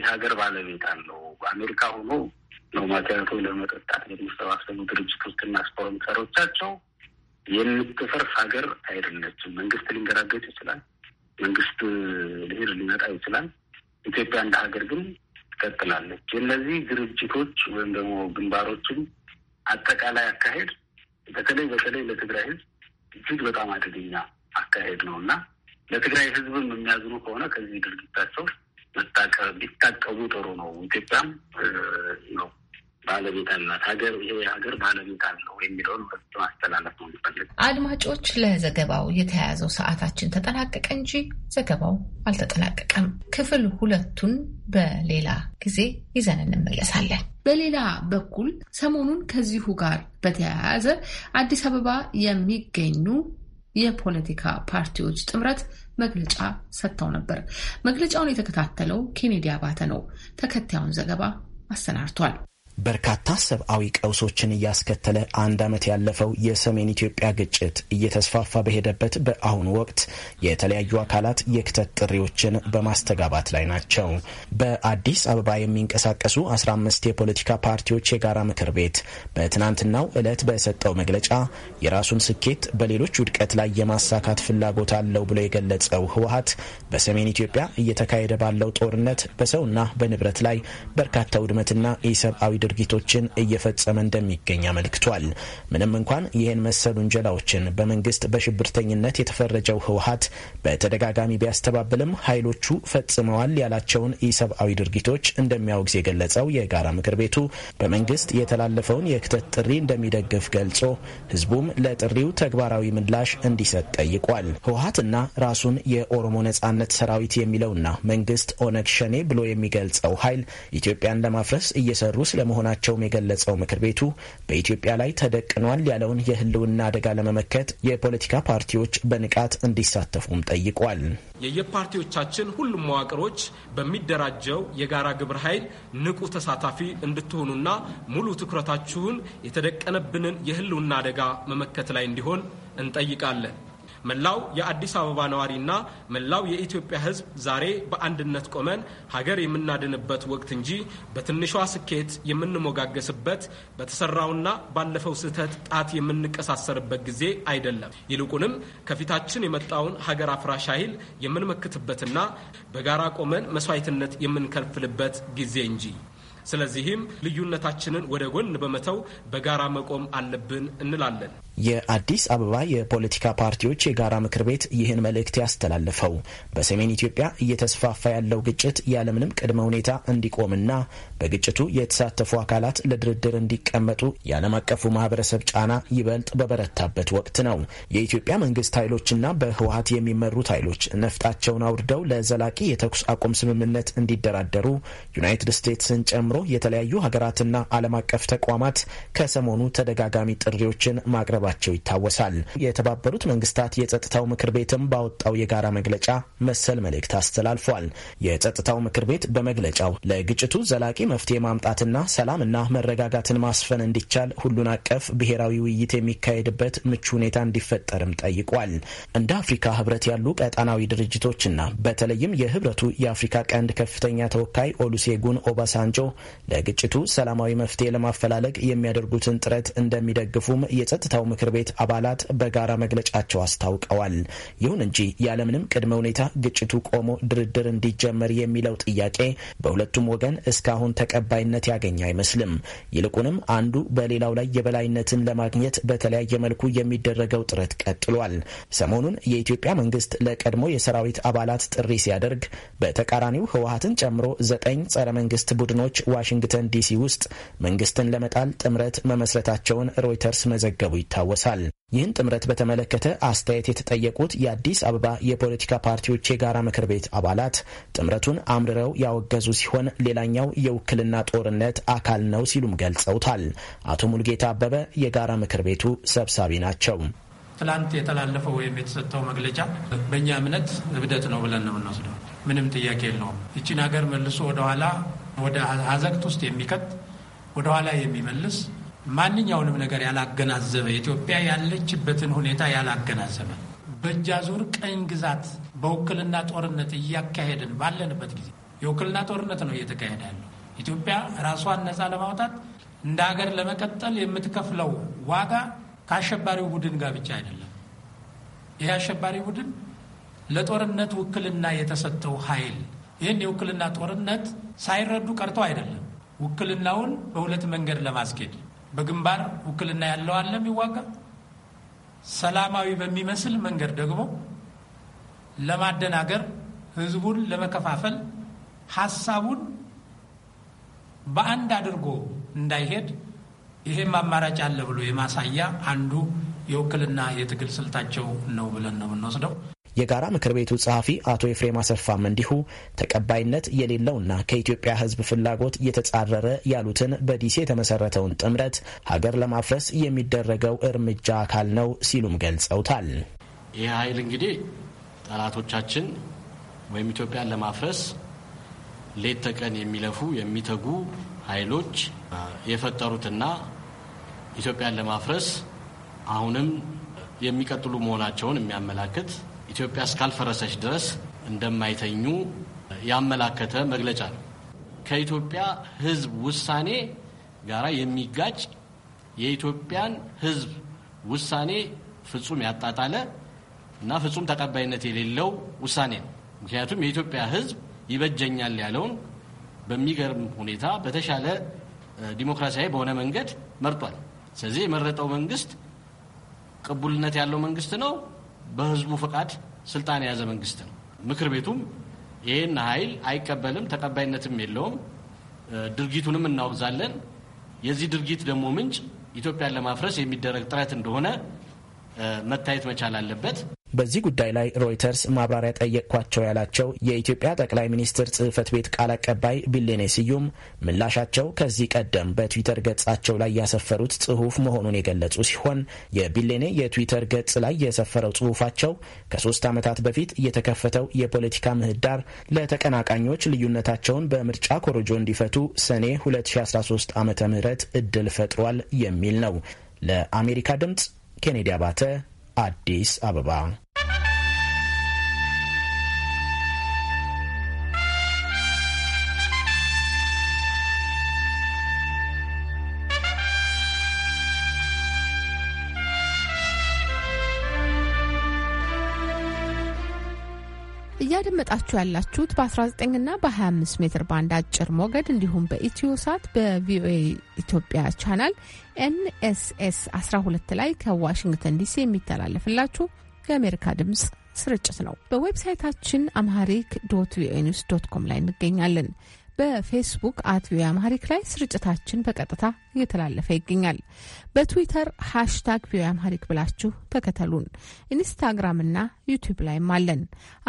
የሀገር ባለቤት አለው። በአሜሪካ ሆኖ ነው ማቲያቶ ለመጠጣት የሚሰባሰቡ ድርጅቶችና ስፖንሰሮቻቸው የምትፈርስ ሀገር አይደለችም። መንግስት ሊንገራገጭ ይችላል። መንግስት ልሄድ ሊመጣ ይችላል። ኢትዮጵያ እንደ ሀገር ግን ትቀጥላለች። የእነዚህ ድርጅቶች ወይም ደግሞ ግንባሮችን አጠቃላይ አካሄድ በተለይ በተለይ ለትግራይ ህዝብ እጅግ በጣም አደገኛ አካሄድ ነው እና ለትግራይ ህዝብም የሚያዝኑ ከሆነ ከዚህ ድርጊታቸው መታቀ ቢታቀቡ ጥሩ ነው። ኢትዮጵያም ነው ባለቤት አላት ሀገር ይሄ ሀገር ባለቤት አለው የሚለውን ማስተላለፍ ነው የሚፈልግ። አድማጮች፣ ለዘገባው የተያያዘው ሰዓታችን ተጠናቀቀ እንጂ ዘገባው አልተጠናቀቀም። ክፍል ሁለቱን በሌላ ጊዜ ይዘን እንመለሳለን። በሌላ በኩል ሰሞኑን ከዚሁ ጋር በተያያዘ አዲስ አበባ የሚገኙ የፖለቲካ ፓርቲዎች ጥምረት መግለጫ ሰጥተው ነበር። መግለጫውን የተከታተለው ኬኔዲ አባተ ነው። ተከታዩን ዘገባ አሰናድቷል። በርካታ ሰብአዊ ቀውሶችን እያስከተለ አንድ ዓመት ያለፈው የሰሜን ኢትዮጵያ ግጭት እየተስፋፋ በሄደበት በአሁኑ ወቅት የተለያዩ አካላት የክተት ጥሪዎችን በማስተጋባት ላይ ናቸው። በአዲስ አበባ የሚንቀሳቀሱ 15 የፖለቲካ ፓርቲዎች የጋራ ምክር ቤት በትናንትናው ዕለት በሰጠው መግለጫ የራሱን ስኬት በሌሎች ውድቀት ላይ የማሳካት ፍላጎት አለው ብሎ የገለጸው ህወሀት በሰሜን ኢትዮጵያ እየተካሄደ ባለው ጦርነት በሰውና በንብረት ላይ በርካታ ውድመትና ኢሰብአዊ ድርጊቶችን እየፈጸመ እንደሚገኝ አመልክቷል። ምንም እንኳን ይህን መሰል ውንጀላዎችን በመንግስት በሽብርተኝነት የተፈረጀው ህወሀት በተደጋጋሚ ቢያስተባብልም ኃይሎቹ ፈጽመዋል ያላቸውን ኢሰብአዊ ድርጊቶች እንደሚያወግዝ የገለጸው የጋራ ምክር ቤቱ በመንግስት የተላለፈውን የክተት ጥሪ እንደሚደግፍ ገልጾ ህዝቡም ለጥሪው ተግባራዊ ምላሽ እንዲሰጥ ጠይቋል። ህወሀትና ራሱን የኦሮሞ ነጻነት ሰራዊት የሚለውና መንግስት ኦነግ ሸኔ ብሎ የሚገልጸው ኃይል ኢትዮጵያን ለማፍረስ እየሰሩ ስለ ስለመሆናቸውም የገለጸው ምክር ቤቱ በኢትዮጵያ ላይ ተደቅኗል ያለውን የህልውና አደጋ ለመመከት የፖለቲካ ፓርቲዎች በንቃት እንዲሳተፉም ጠይቋል። የየፓርቲዎቻችን ሁሉም መዋቅሮች በሚደራጀው የጋራ ግብረ ኃይል ንቁ ተሳታፊ እንድትሆኑና ሙሉ ትኩረታችሁን የተደቀነብንን የህልውና አደጋ መመከት ላይ እንዲሆን እንጠይቃለን። መላው የአዲስ አበባ ነዋሪና መላው የኢትዮጵያ ሕዝብ ዛሬ በአንድነት ቆመን ሀገር የምናድንበት ወቅት እንጂ በትንሿ ስኬት የምንሞጋገስበት በተሰራውና ባለፈው ስህተት ጣት የምንቀሳሰርበት ጊዜ አይደለም። ይልቁንም ከፊታችን የመጣውን ሀገር አፍራሽ ኃይል የምንመክትበትና በጋራ ቆመን መስዋዕትነት የምንከፍልበት ጊዜ እንጂ ስለዚህም ልዩነታችንን ወደ ጎን በመተው በጋራ መቆም አለብን እንላለን። የአዲስ አበባ የፖለቲካ ፓርቲዎች የጋራ ምክር ቤት ይህን መልእክት ያስተላለፈው በሰሜን ኢትዮጵያ እየተስፋፋ ያለው ግጭት ያለምንም ቅድመ ሁኔታ እንዲቆምና በግጭቱ የተሳተፉ አካላት ለድርድር እንዲቀመጡ የዓለም አቀፉ ማህበረሰብ ጫና ይበልጥ በበረታበት ወቅት ነው። የኢትዮጵያ መንግስት ኃይሎችና በህወሀት የሚመሩት ኃይሎች ነፍጣቸውን አውርደው ለዘላቂ የተኩስ አቁም ስምምነት እንዲደራደሩ ዩናይትድ ስቴትስን ጨምሮ የተለያዩ ሀገራትና ዓለም አቀፍ ተቋማት ከሰሞኑ ተደጋጋሚ ጥሪዎችን ማቅረባ መኖራቸው ይታወሳል። የተባበሩት መንግስታት የጸጥታው ምክር ቤትም ባወጣው የጋራ መግለጫ መሰል መልእክት አስተላልፏል። የጸጥታው ምክር ቤት በመግለጫው ለግጭቱ ዘላቂ መፍትሄ ማምጣትና ሰላምና መረጋጋትን ማስፈን እንዲቻል ሁሉን አቀፍ ብሔራዊ ውይይት የሚካሄድበት ምቹ ሁኔታ እንዲፈጠርም ጠይቋል። እንደ አፍሪካ ህብረት ያሉ ቀጣናዊ ድርጅቶችና በተለይም የህብረቱ የአፍሪካ ቀንድ ከፍተኛ ተወካይ ኦሉሴጉን ኦባሳንጆ ለግጭቱ ሰላማዊ መፍትሄ ለማፈላለግ የሚያደርጉትን ጥረት እንደሚደግፉም የጸጥታው ምክር ቤት አባላት በጋራ መግለጫቸው አስታውቀዋል። ይሁን እንጂ ያለምንም ቅድመ ሁኔታ ግጭቱ ቆሞ ድርድር እንዲጀመር የሚለው ጥያቄ በሁለቱም ወገን እስካሁን ተቀባይነት ያገኘ አይመስልም። ይልቁንም አንዱ በሌላው ላይ የበላይነትን ለማግኘት በተለያየ መልኩ የሚደረገው ጥረት ቀጥሏል። ሰሞኑን የኢትዮጵያ መንግስት ለቀድሞ የሰራዊት አባላት ጥሪ ሲያደርግ በተቃራኒው ህወሀትን ጨምሮ ዘጠኝ ጸረ መንግስት ቡድኖች ዋሽንግተን ዲሲ ውስጥ መንግስትን ለመጣል ጥምረት መመስረታቸውን ሮይተርስ መዘገቡ ይታል ይታወሳል። ይህን ጥምረት በተመለከተ አስተያየት የተጠየቁት የአዲስ አበባ የፖለቲካ ፓርቲዎች የጋራ ምክር ቤት አባላት ጥምረቱን አምርረው ያወገዙ ሲሆን ሌላኛው የውክልና ጦርነት አካል ነው ሲሉም ገልጸውታል። አቶ ሙልጌታ አበበ የጋራ ምክር ቤቱ ሰብሳቢ ናቸው። ትላንት የተላለፈው ወይም የተሰጠው መግለጫ በእኛ እምነት እብደት ነው ብለን ነው የምንወስደው። ምንም ጥያቄ የለውም። ይችን ሀገር መልሶ ወደኋላ ወደ አዘቅት ውስጥ የሚከት ወደኋላ የሚመልስ ማንኛውንም ነገር ያላገናዘበ ኢትዮጵያ ያለችበትን ሁኔታ ያላገናዘበ በእንጃዙር ቀኝ ግዛት በውክልና ጦርነት እያካሄድን ባለንበት ጊዜ የውክልና ጦርነት ነው እየተካሄደ ያለው። ኢትዮጵያ ራሷን ነፃ ለማውጣት እንደ ሀገር ለመቀጠል የምትከፍለው ዋጋ ከአሸባሪው ቡድን ጋር ብቻ አይደለም። ይህ አሸባሪ ቡድን ለጦርነት ውክልና የተሰጠው ኃይል ይህን የውክልና ጦርነት ሳይረዱ ቀርተው አይደለም። ውክልናውን በሁለት መንገድ ለማስኬድ በግንባር ውክልና ያለው አለ የሚዋጋ ሰላማዊ በሚመስል መንገድ ደግሞ ለማደናገር ህዝቡን ለመከፋፈል ሀሳቡን በአንድ አድርጎ እንዳይሄድ ይሄም አማራጭ አለ ብሎ የማሳያ አንዱ የውክልና የትግል ስልታቸው ነው ብለን ነው የምንወስደው። የጋራ ምክር ቤቱ ጸሐፊ አቶ ኤፍሬም አሰፋም እንዲሁ ተቀባይነት የሌለውና ከኢትዮጵያ ሕዝብ ፍላጎት የተጻረረ ያሉትን በዲሴ የተመሰረተውን ጥምረት ሀገር ለማፍረስ የሚደረገው እርምጃ አካል ነው ሲሉም ገልጸውታል። ይህ ኃይል እንግዲህ ጠላቶቻችን ወይም ኢትዮጵያን ለማፍረስ ሌት ተቀን የሚለፉ የሚተጉ ኃይሎች የፈጠሩትና ኢትዮጵያን ለማፍረስ አሁንም የሚቀጥሉ መሆናቸውን የሚያመላክት ኢትዮጵያ እስካልፈረሰች ድረስ እንደማይተኙ ያመላከተ መግለጫ ነው። ከኢትዮጵያ ሕዝብ ውሳኔ ጋራ የሚጋጭ የኢትዮጵያን ሕዝብ ውሳኔ ፍጹም ያጣጣለ እና ፍጹም ተቀባይነት የሌለው ውሳኔ ነው። ምክንያቱም የኢትዮጵያ ሕዝብ ይበጀኛል ያለውን በሚገርም ሁኔታ በተሻለ ዲሞክራሲያዊ በሆነ መንገድ መርጧል። ስለዚህ የመረጠው መንግስት ቅቡልነት ያለው መንግስት ነው በህዝቡ ፈቃድ ስልጣን የያዘ መንግስት ነው። ምክር ቤቱም ይህን ኃይል አይቀበልም፣ ተቀባይነትም የለውም። ድርጊቱንም እናወግዛለን። የዚህ ድርጊት ደግሞ ምንጭ ኢትዮጵያን ለማፍረስ የሚደረግ ጥረት እንደሆነ መታየት መቻል አለበት። በዚህ ጉዳይ ላይ ሮይተርስ ማብራሪያ ጠየቅኳቸው ያላቸው የኢትዮጵያ ጠቅላይ ሚኒስትር ጽህፈት ቤት ቃል አቀባይ ቢሌኔ ስዩም ምላሻቸው ከዚህ ቀደም በትዊተር ገጻቸው ላይ ያሰፈሩት ጽሁፍ መሆኑን የገለጹ ሲሆን የቢሌኔ የትዊተር ገጽ ላይ የሰፈረው ጽሁፋቸው ከሶስት ዓመታት በፊት የተከፈተው የፖለቲካ ምህዳር ለተቀናቃኞች ልዩነታቸውን በምርጫ ኮሮጆ እንዲፈቱ ሰኔ 2013 ዓ ም እድል ፈጥሯል የሚል ነው። ለአሜሪካ ድምጽ ኬኔዲ አባተ አዲስ አበባ እያደመጣችሁ ያላችሁት በ19 እና በ25 ሜትር ባንድ አጭር ሞገድ እንዲሁም በኢትዮ ሳት በቪኦኤ ኢትዮጵያ ቻናል ኤንኤስኤስ 12 ላይ ከዋሽንግተን ዲሲ የሚተላለፍላችሁ የአሜሪካ ድምጽ ስርጭት ነው። በዌብሳይታችን አምሃሪክ ዶት ቪኦኤ ኒውስ ዶት ኮም ላይ እንገኛለን። በፌስቡክ አት ቪኦኤ አማሪክ ላይ ስርጭታችን በቀጥታ እየተላለፈ ይገኛል። በትዊተር ሃሽታግ ቪኦኤ አማሪክ ብላችሁ ተከተሉን። ኢንስታግራምና ዩቲዩብ ላይም አለን።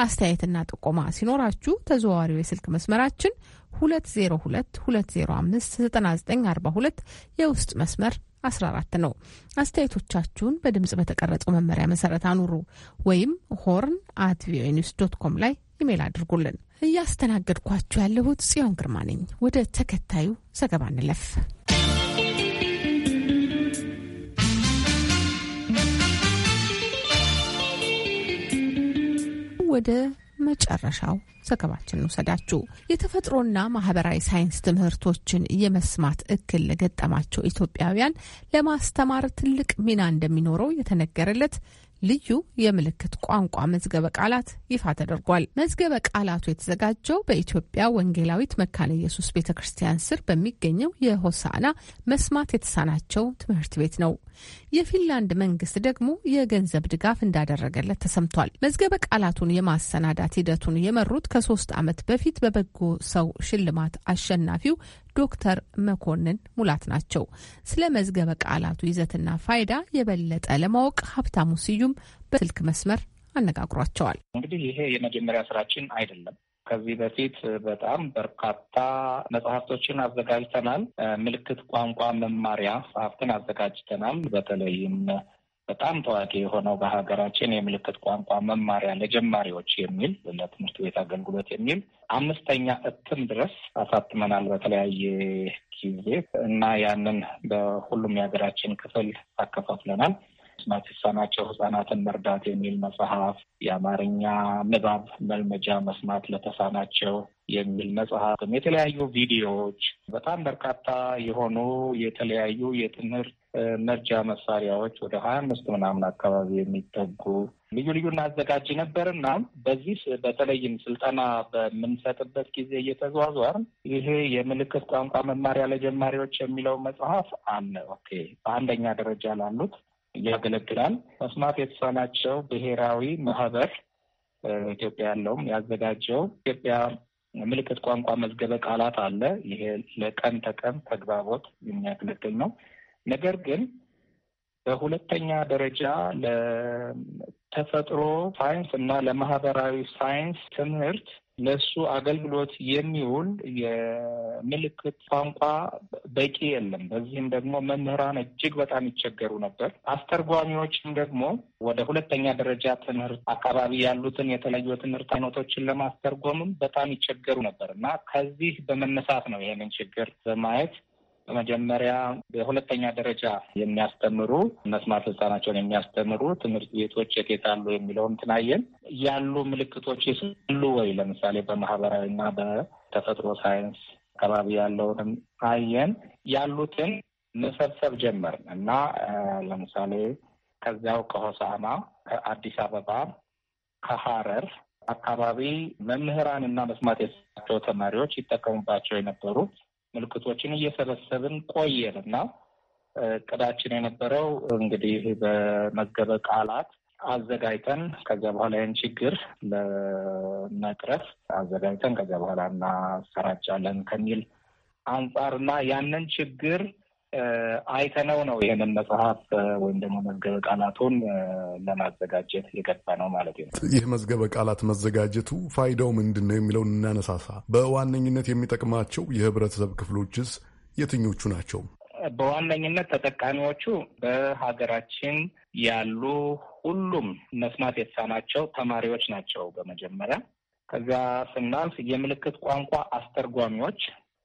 አስተያየትና ጥቆማ ሲኖራችሁ ተዘዋዋሪው የስልክ መስመራችን 2022059942 የውስጥ መስመር 14 ነው። አስተያየቶቻችሁን በድምፅ በተቀረጸው መመሪያ መሰረት አኑሩ ወይም ሆርን አት ቪኦኤ ኒውስ ዶት ኮም ላይ ኢሜይል አድርጉልን። እያስተናገድኳችሁ ያለሁት ጽዮን ግርማ ነኝ። ወደ ተከታዩ ዘገባ እንለፍ። ወደ መጨረሻው ዘገባችን ውሰዳችሁ። የተፈጥሮና ማህበራዊ ሳይንስ ትምህርቶችን የመስማት እክል ለገጠማቸው ኢትዮጵያውያን ለማስተማር ትልቅ ሚና እንደሚኖረው የተነገረለት ልዩ የምልክት ቋንቋ መዝገበ ቃላት ይፋ ተደርጓል። መዝገበ ቃላቱ የተዘጋጀው በኢትዮጵያ ወንጌላዊት መካነ ኢየሱስ ቤተ ክርስቲያን ስር በሚገኘው የሆሳና መስማት የተሳናቸው ትምህርት ቤት ነው። የፊንላንድ መንግስት ደግሞ የገንዘብ ድጋፍ እንዳደረገለት ተሰምቷል። መዝገበ ቃላቱን የማሰናዳት ሂደቱን የመሩት ከሶስት ዓመት በፊት በበጎ ሰው ሽልማት አሸናፊው ዶክተር መኮንን ሙላት ናቸው። ስለ መዝገበ ቃላቱ ይዘትና ፋይዳ የበለጠ ለማወቅ ሀብታሙ ስዩም በስልክ መስመር አነጋግሯቸዋል። እንግዲህ ይሄ የመጀመሪያ ስራችን አይደለም። ከዚህ በፊት በጣም በርካታ መጽሐፍቶችን አዘጋጅተናል። ምልክት ቋንቋ መማሪያ መጽሐፍትን አዘጋጅተናል። በተለይም በጣም ታዋቂ የሆነው በሀገራችን የምልክት ቋንቋ መማሪያ ለጀማሪዎች የሚል ለትምህርት ቤት አገልግሎት የሚል አምስተኛ እትም ድረስ አሳትመናል በተለያየ ጊዜ እና ያንን በሁሉም የሀገራችን ክፍል አከፋፍለናል። መስማት ሲሳናቸው ህጻናትን መርዳት የሚል መጽሐፍ፣ የአማርኛ ንባብ መልመጃ መስማት ለተሳናቸው የሚል መጽሐፍም፣ የተለያዩ ቪዲዮዎች፣ በጣም በርካታ የሆኑ የተለያዩ የትምህርት መርጃ መሳሪያዎች ወደ ሀያ አምስት ምናምን አካባቢ የሚጠጉ ልዩ ልዩ እናዘጋጅ ነበር እና በዚህ በተለይም ስልጠና በምንሰጥበት ጊዜ እየተዟዟር ይሄ የምልክት ቋንቋ መማሪያ ለጀማሪዎች የሚለው መጽሐፍ አነ ኦኬ በአንደኛ ደረጃ ላሉት ያገለግላል። መስማት የተሳናቸው ብሔራዊ ማህበር ኢትዮጵያ ያለውም ያዘጋጀው ኢትዮጵያ ምልክት ቋንቋ መዝገበ ቃላት አለ። ይሄ ለቀን ተቀን ተግባቦት የሚያገለግል ነው። ነገር ግን በሁለተኛ ደረጃ ለተፈጥሮ ሳይንስ እና ለማህበራዊ ሳይንስ ትምህርት ለሱ አገልግሎት የሚውል የምልክት ቋንቋ በቂ የለም። በዚህም ደግሞ መምህራን እጅግ በጣም ይቸገሩ ነበር። አስተርጓሚዎችም ደግሞ ወደ ሁለተኛ ደረጃ ትምህርት አካባቢ ያሉትን የተለያዩ የትምህርት አይነቶችን ለማስተርጎምም በጣም ይቸገሩ ነበር እና ከዚህ በመነሳት ነው ይሄንን ችግር በማየት በመጀመሪያ በሁለተኛ ደረጃ የሚያስተምሩ መስማት ህጻናቸውን የሚያስተምሩ ትምህርት ቤቶች የት የት አሉ የሚለውን ትናየን ያሉ ምልክቶች ይስሉ ወይ ለምሳሌ በማህበራዊና በተፈጥሮ ሳይንስ አካባቢ ያለውንም አየን። ያሉትን መሰብሰብ ጀመር እና ለምሳሌ ከዚያው ከሆሳማ፣ ከአዲስ አበባ፣ ከሀረር አካባቢ መምህራን እና መስማት የተሳናቸው ተማሪዎች ይጠቀሙባቸው የነበሩት ምልክቶችን እየሰበሰብን ቆየን እና እቅዳችን የነበረው እንግዲህ በመዝገበ ቃላት አዘጋጅተን ከዚያ በኋላ ይህን ችግር ለመቅረፍ አዘጋጅተን ከዚያ በኋላ እናሰራጫለን ከሚል አንጻርና ያንን ችግር አይተነው ነው ይህንን መጽሐፍ ወይም ደግሞ መዝገበ ቃላቱን ለማዘጋጀት የገባ ነው ማለት ነው። ይህ መዝገበ ቃላት መዘጋጀቱ ፋይዳው ምንድን ነው የሚለውን እናነሳሳ። በዋነኝነት የሚጠቅማቸው የህብረተሰብ ክፍሎችስ የትኞቹ ናቸው? በዋነኝነት ተጠቃሚዎቹ በሀገራችን ያሉ ሁሉም መስማት የተሳናቸው ተማሪዎች ናቸው በመጀመሪያ ከዚያ ስናልፍ የምልክት ቋንቋ አስተርጓሚዎች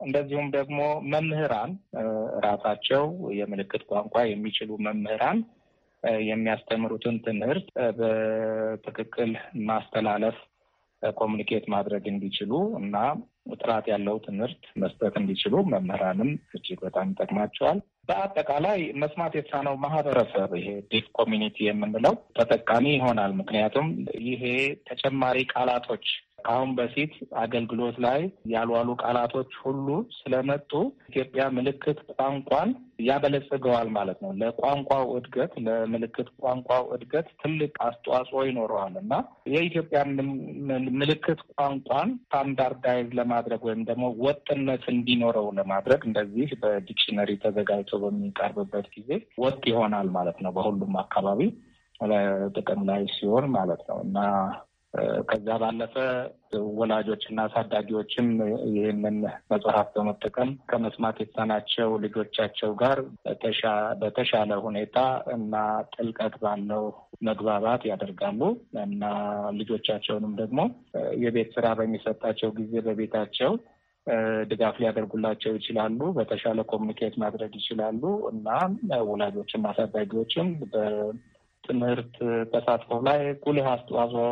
እንደዚሁም ደግሞ መምህራን ራሳቸው የምልክት ቋንቋ የሚችሉ መምህራን የሚያስተምሩትን ትምህርት በትክክል ማስተላለፍ ኮሚኒኬት ማድረግ እንዲችሉ እና ጥራት ያለው ትምህርት መስጠት እንዲችሉ መምህራንም እጅግ በጣም ይጠቅማቸዋል። በአጠቃላይ መስማት የተሳነው ማህበረሰብ ይሄ ዲፍ ኮሚኒቲ የምንለው ተጠቃሚ ይሆናል። ምክንያቱም ይሄ ተጨማሪ ቃላቶች ከአሁን በፊት አገልግሎት ላይ ያልዋሉ ቃላቶች ሁሉ ስለመጡ ኢትዮጵያ ምልክት ቋንቋን ያበለጽገዋል ማለት ነው። ለቋንቋው እድገት፣ ለምልክት ቋንቋው እድገት ትልቅ አስተዋጽኦ ይኖረዋል እና የኢትዮጵያ ምልክት ቋንቋን ስታንዳርዳይዝ ለማድረግ ወይም ደግሞ ወጥነት እንዲኖረው ለማድረግ እንደዚህ በዲክሽነሪ ተዘጋጅቶ በሚቀርብበት ጊዜ ወጥ ይሆናል ማለት ነው። በሁሉም አካባቢ ጥቅም ላይ ሲሆን ማለት ነው እና ከዛ ባለፈ ወላጆችና አሳዳጊዎችም ይህንን መጽሐፍ በመጠቀም ከመስማት የተሳናቸው ልጆቻቸው ጋር በተሻለ ሁኔታ እና ጥልቀት ባለው መግባባት ያደርጋሉ እና ልጆቻቸውንም ደግሞ የቤት ስራ በሚሰጣቸው ጊዜ በቤታቸው ድጋፍ ሊያደርጉላቸው ይችላሉ። በተሻለ ኮሚኒኬት ማድረግ ይችላሉ እና ወላጆችም አሳዳጊዎችም ትምህርት ተሳትፎ ላይ ጉልህ አስተዋጽኦ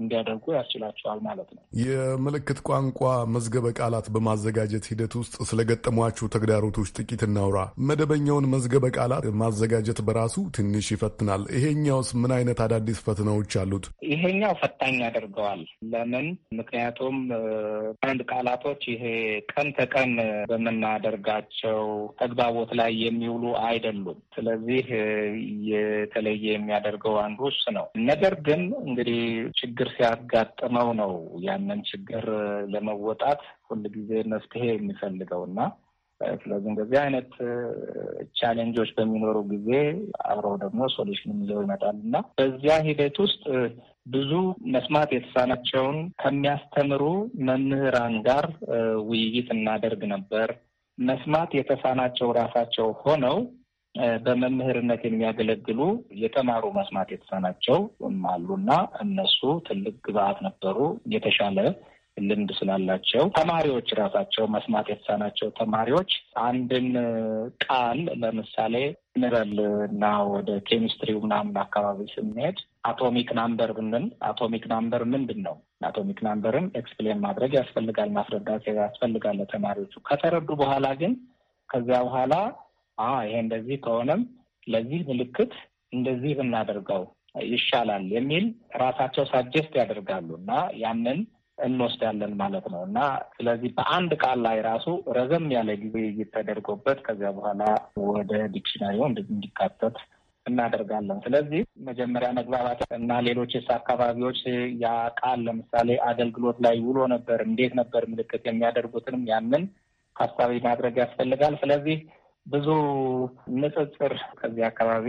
እንዲያደርጉ ያስችላቸዋል ማለት ነው። የምልክት ቋንቋ መዝገበ ቃላት በማዘጋጀት ሂደት ውስጥ ስለገጠሟችሁ ተግዳሮቶች ጥቂት እናውራ። መደበኛውን መዝገበ ቃላት ማዘጋጀት በራሱ ትንሽ ይፈትናል። ይሄኛውስ ምን አይነት አዳዲስ ፈተናዎች አሉት? ይሄኛው ፈታኝ ያደርገዋል። ለምን? ምክንያቱም አንድ ቃላቶች ይሄ ቀን ተቀን በምናደርጋቸው ተግባቦት ላይ የሚውሉ አይደሉም። ስለዚህ የተለየ የሚያደርገው አንዱ እሱ ነው። ነገር ግን እንግዲህ ችግር ሲያጋጥመው ነው ያንን ችግር ለመወጣት ሁልጊዜ መፍትሄ የሚፈልገው እና ስለዚህ እንደዚህ አይነት ቻሌንጆች በሚኖሩ ጊዜ አብረው ደግሞ ሶሉሽን ይዘው ይመጣል እና በዚያ ሂደት ውስጥ ብዙ መስማት የተሳናቸውን ከሚያስተምሩ መምህራን ጋር ውይይት እናደርግ ነበር። መስማት የተሳናቸው ራሳቸው ሆነው በመምህርነት የሚያገለግሉ የተማሩ መስማት የተሳናቸው አሉና እነሱ ትልቅ ግብአት ነበሩ። የተሻለ ልምድ ስላላቸው ተማሪዎች ራሳቸው መስማት የተሳናቸው ተማሪዎች አንድን ቃል ለምሳሌ ሚነራል እና ወደ ኬሚስትሪ ምናምን አካባቢ ስንሄድ አቶሚክ ናምበር ብንል አቶሚክ ናምበር ምንድን ነው? አቶሚክ ናምበርን ኤክስፕሌን ማድረግ ያስፈልጋል፣ ማስረዳት ያስፈልጋል ለተማሪዎቹ። ከተረዱ በኋላ ግን ከዚያ በኋላ ይሄ እንደዚህ ከሆነም ለዚህ ምልክት እንደዚህ ብናደርገው ይሻላል የሚል ራሳቸው ሳጀስት ያደርጋሉ እና ያንን እንወስዳለን ማለት ነው እና ስለዚህ በአንድ ቃል ላይ ራሱ ረዘም ያለ ጊዜ እየተደርጎበት ከዚያ በኋላ ወደ ዲክሽናሪ እንዲካተት እናደርጋለን። ስለዚህ መጀመሪያ መግባባት እና ሌሎችስ አካባቢዎች ያ ቃል ለምሳሌ አገልግሎት ላይ ውሎ ነበር፣ እንዴት ነበር ምልክት የሚያደርጉትንም ያንን ታሳቢ ማድረግ ያስፈልጋል። ስለዚህ ብዙ ንጽጽር ከዚህ አካባቢ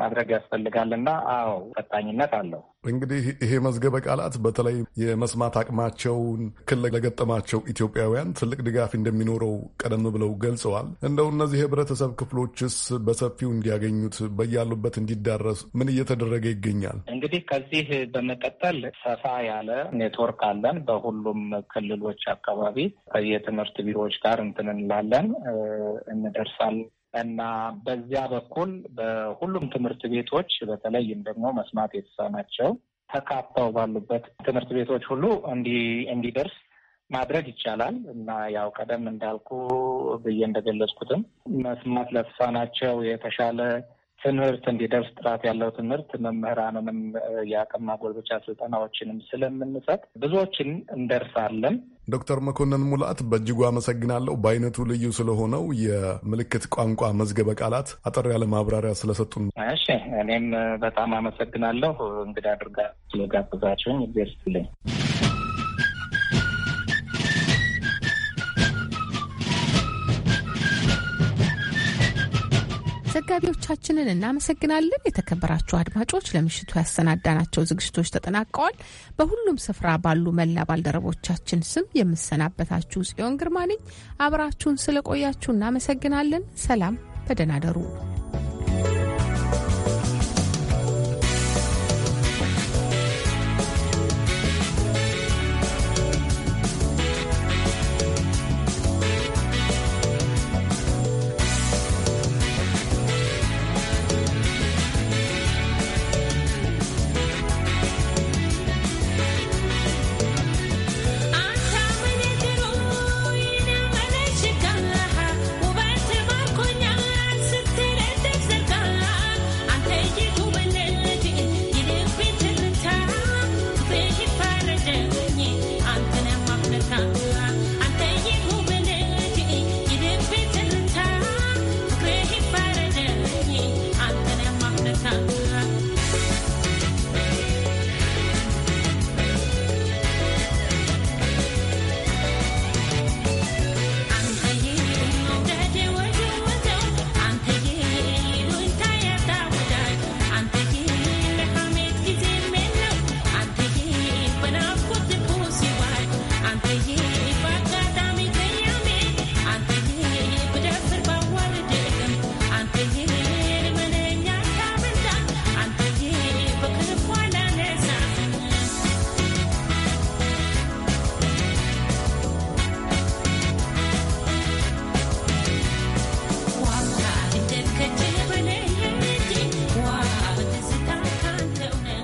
ማድረግ ያስፈልጋል እና አዎ ቀጣኝነት አለው። እንግዲህ ይሄ መዝገበ ቃላት በተለይ የመስማት አቅማቸውን ክል ለገጠማቸው ኢትዮጵያውያን ትልቅ ድጋፍ እንደሚኖረው ቀደም ብለው ገልጸዋል። እንደው እነዚህ የህብረተሰብ ክፍሎችስ በሰፊው እንዲያገኙት በያሉበት እንዲዳረሱ ምን እየተደረገ ይገኛል? እንግዲህ ከዚህ በመቀጠል ሰፋ ያለ ኔትወርክ አለን። በሁሉም ክልሎች አካባቢ ከየትምህርት ቢሮዎች ጋር እንትን እንላለን እንደርሳለን እና በዚያ በኩል በሁሉም ትምህርት ቤቶች በተለይም ደግሞ መስማት የተሳናቸው ተካተው ባሉበት ትምህርት ቤቶች ሁሉ እንዲደርስ ማድረግ ይቻላል እና ያው ቀደም እንዳልኩ ብዬ እንደገለጽኩትም መስማት ለተሳናቸው የተሻለ ትምህርት እንዲደርስ ጥራት ያለው ትምህርት መምህራንንም የአቅም ማጎልበቻ ስልጠናዎችንም ስለምንሰጥ ብዙዎችን እንደርሳለን። ዶክተር መኮንን ሙላት በእጅጉ አመሰግናለሁ። በአይነቱ ልዩ ስለሆነው የምልክት ቋንቋ መዝገበ ቃላት አጠር ያለ ማብራሪያ ስለሰጡን። እሺ፣ እኔም በጣም አመሰግናለሁ እንግዲህ አድርጋ ስለጋብዛችሁኝ። ዘጋቢዎቻችንን እናመሰግናለን። የተከበራችሁ አድማጮች ለምሽቱ ያሰናዳናቸው ዝግጅቶች ተጠናቀዋል። በሁሉም ስፍራ ባሉ መላ ባልደረቦቻችን ስም የምሰናበታችሁ ጽዮን ግርማ ነኝ። አብራችሁን ስለቆያችሁ እናመሰግናለን። ሰላም፣ በደህና ደሩ።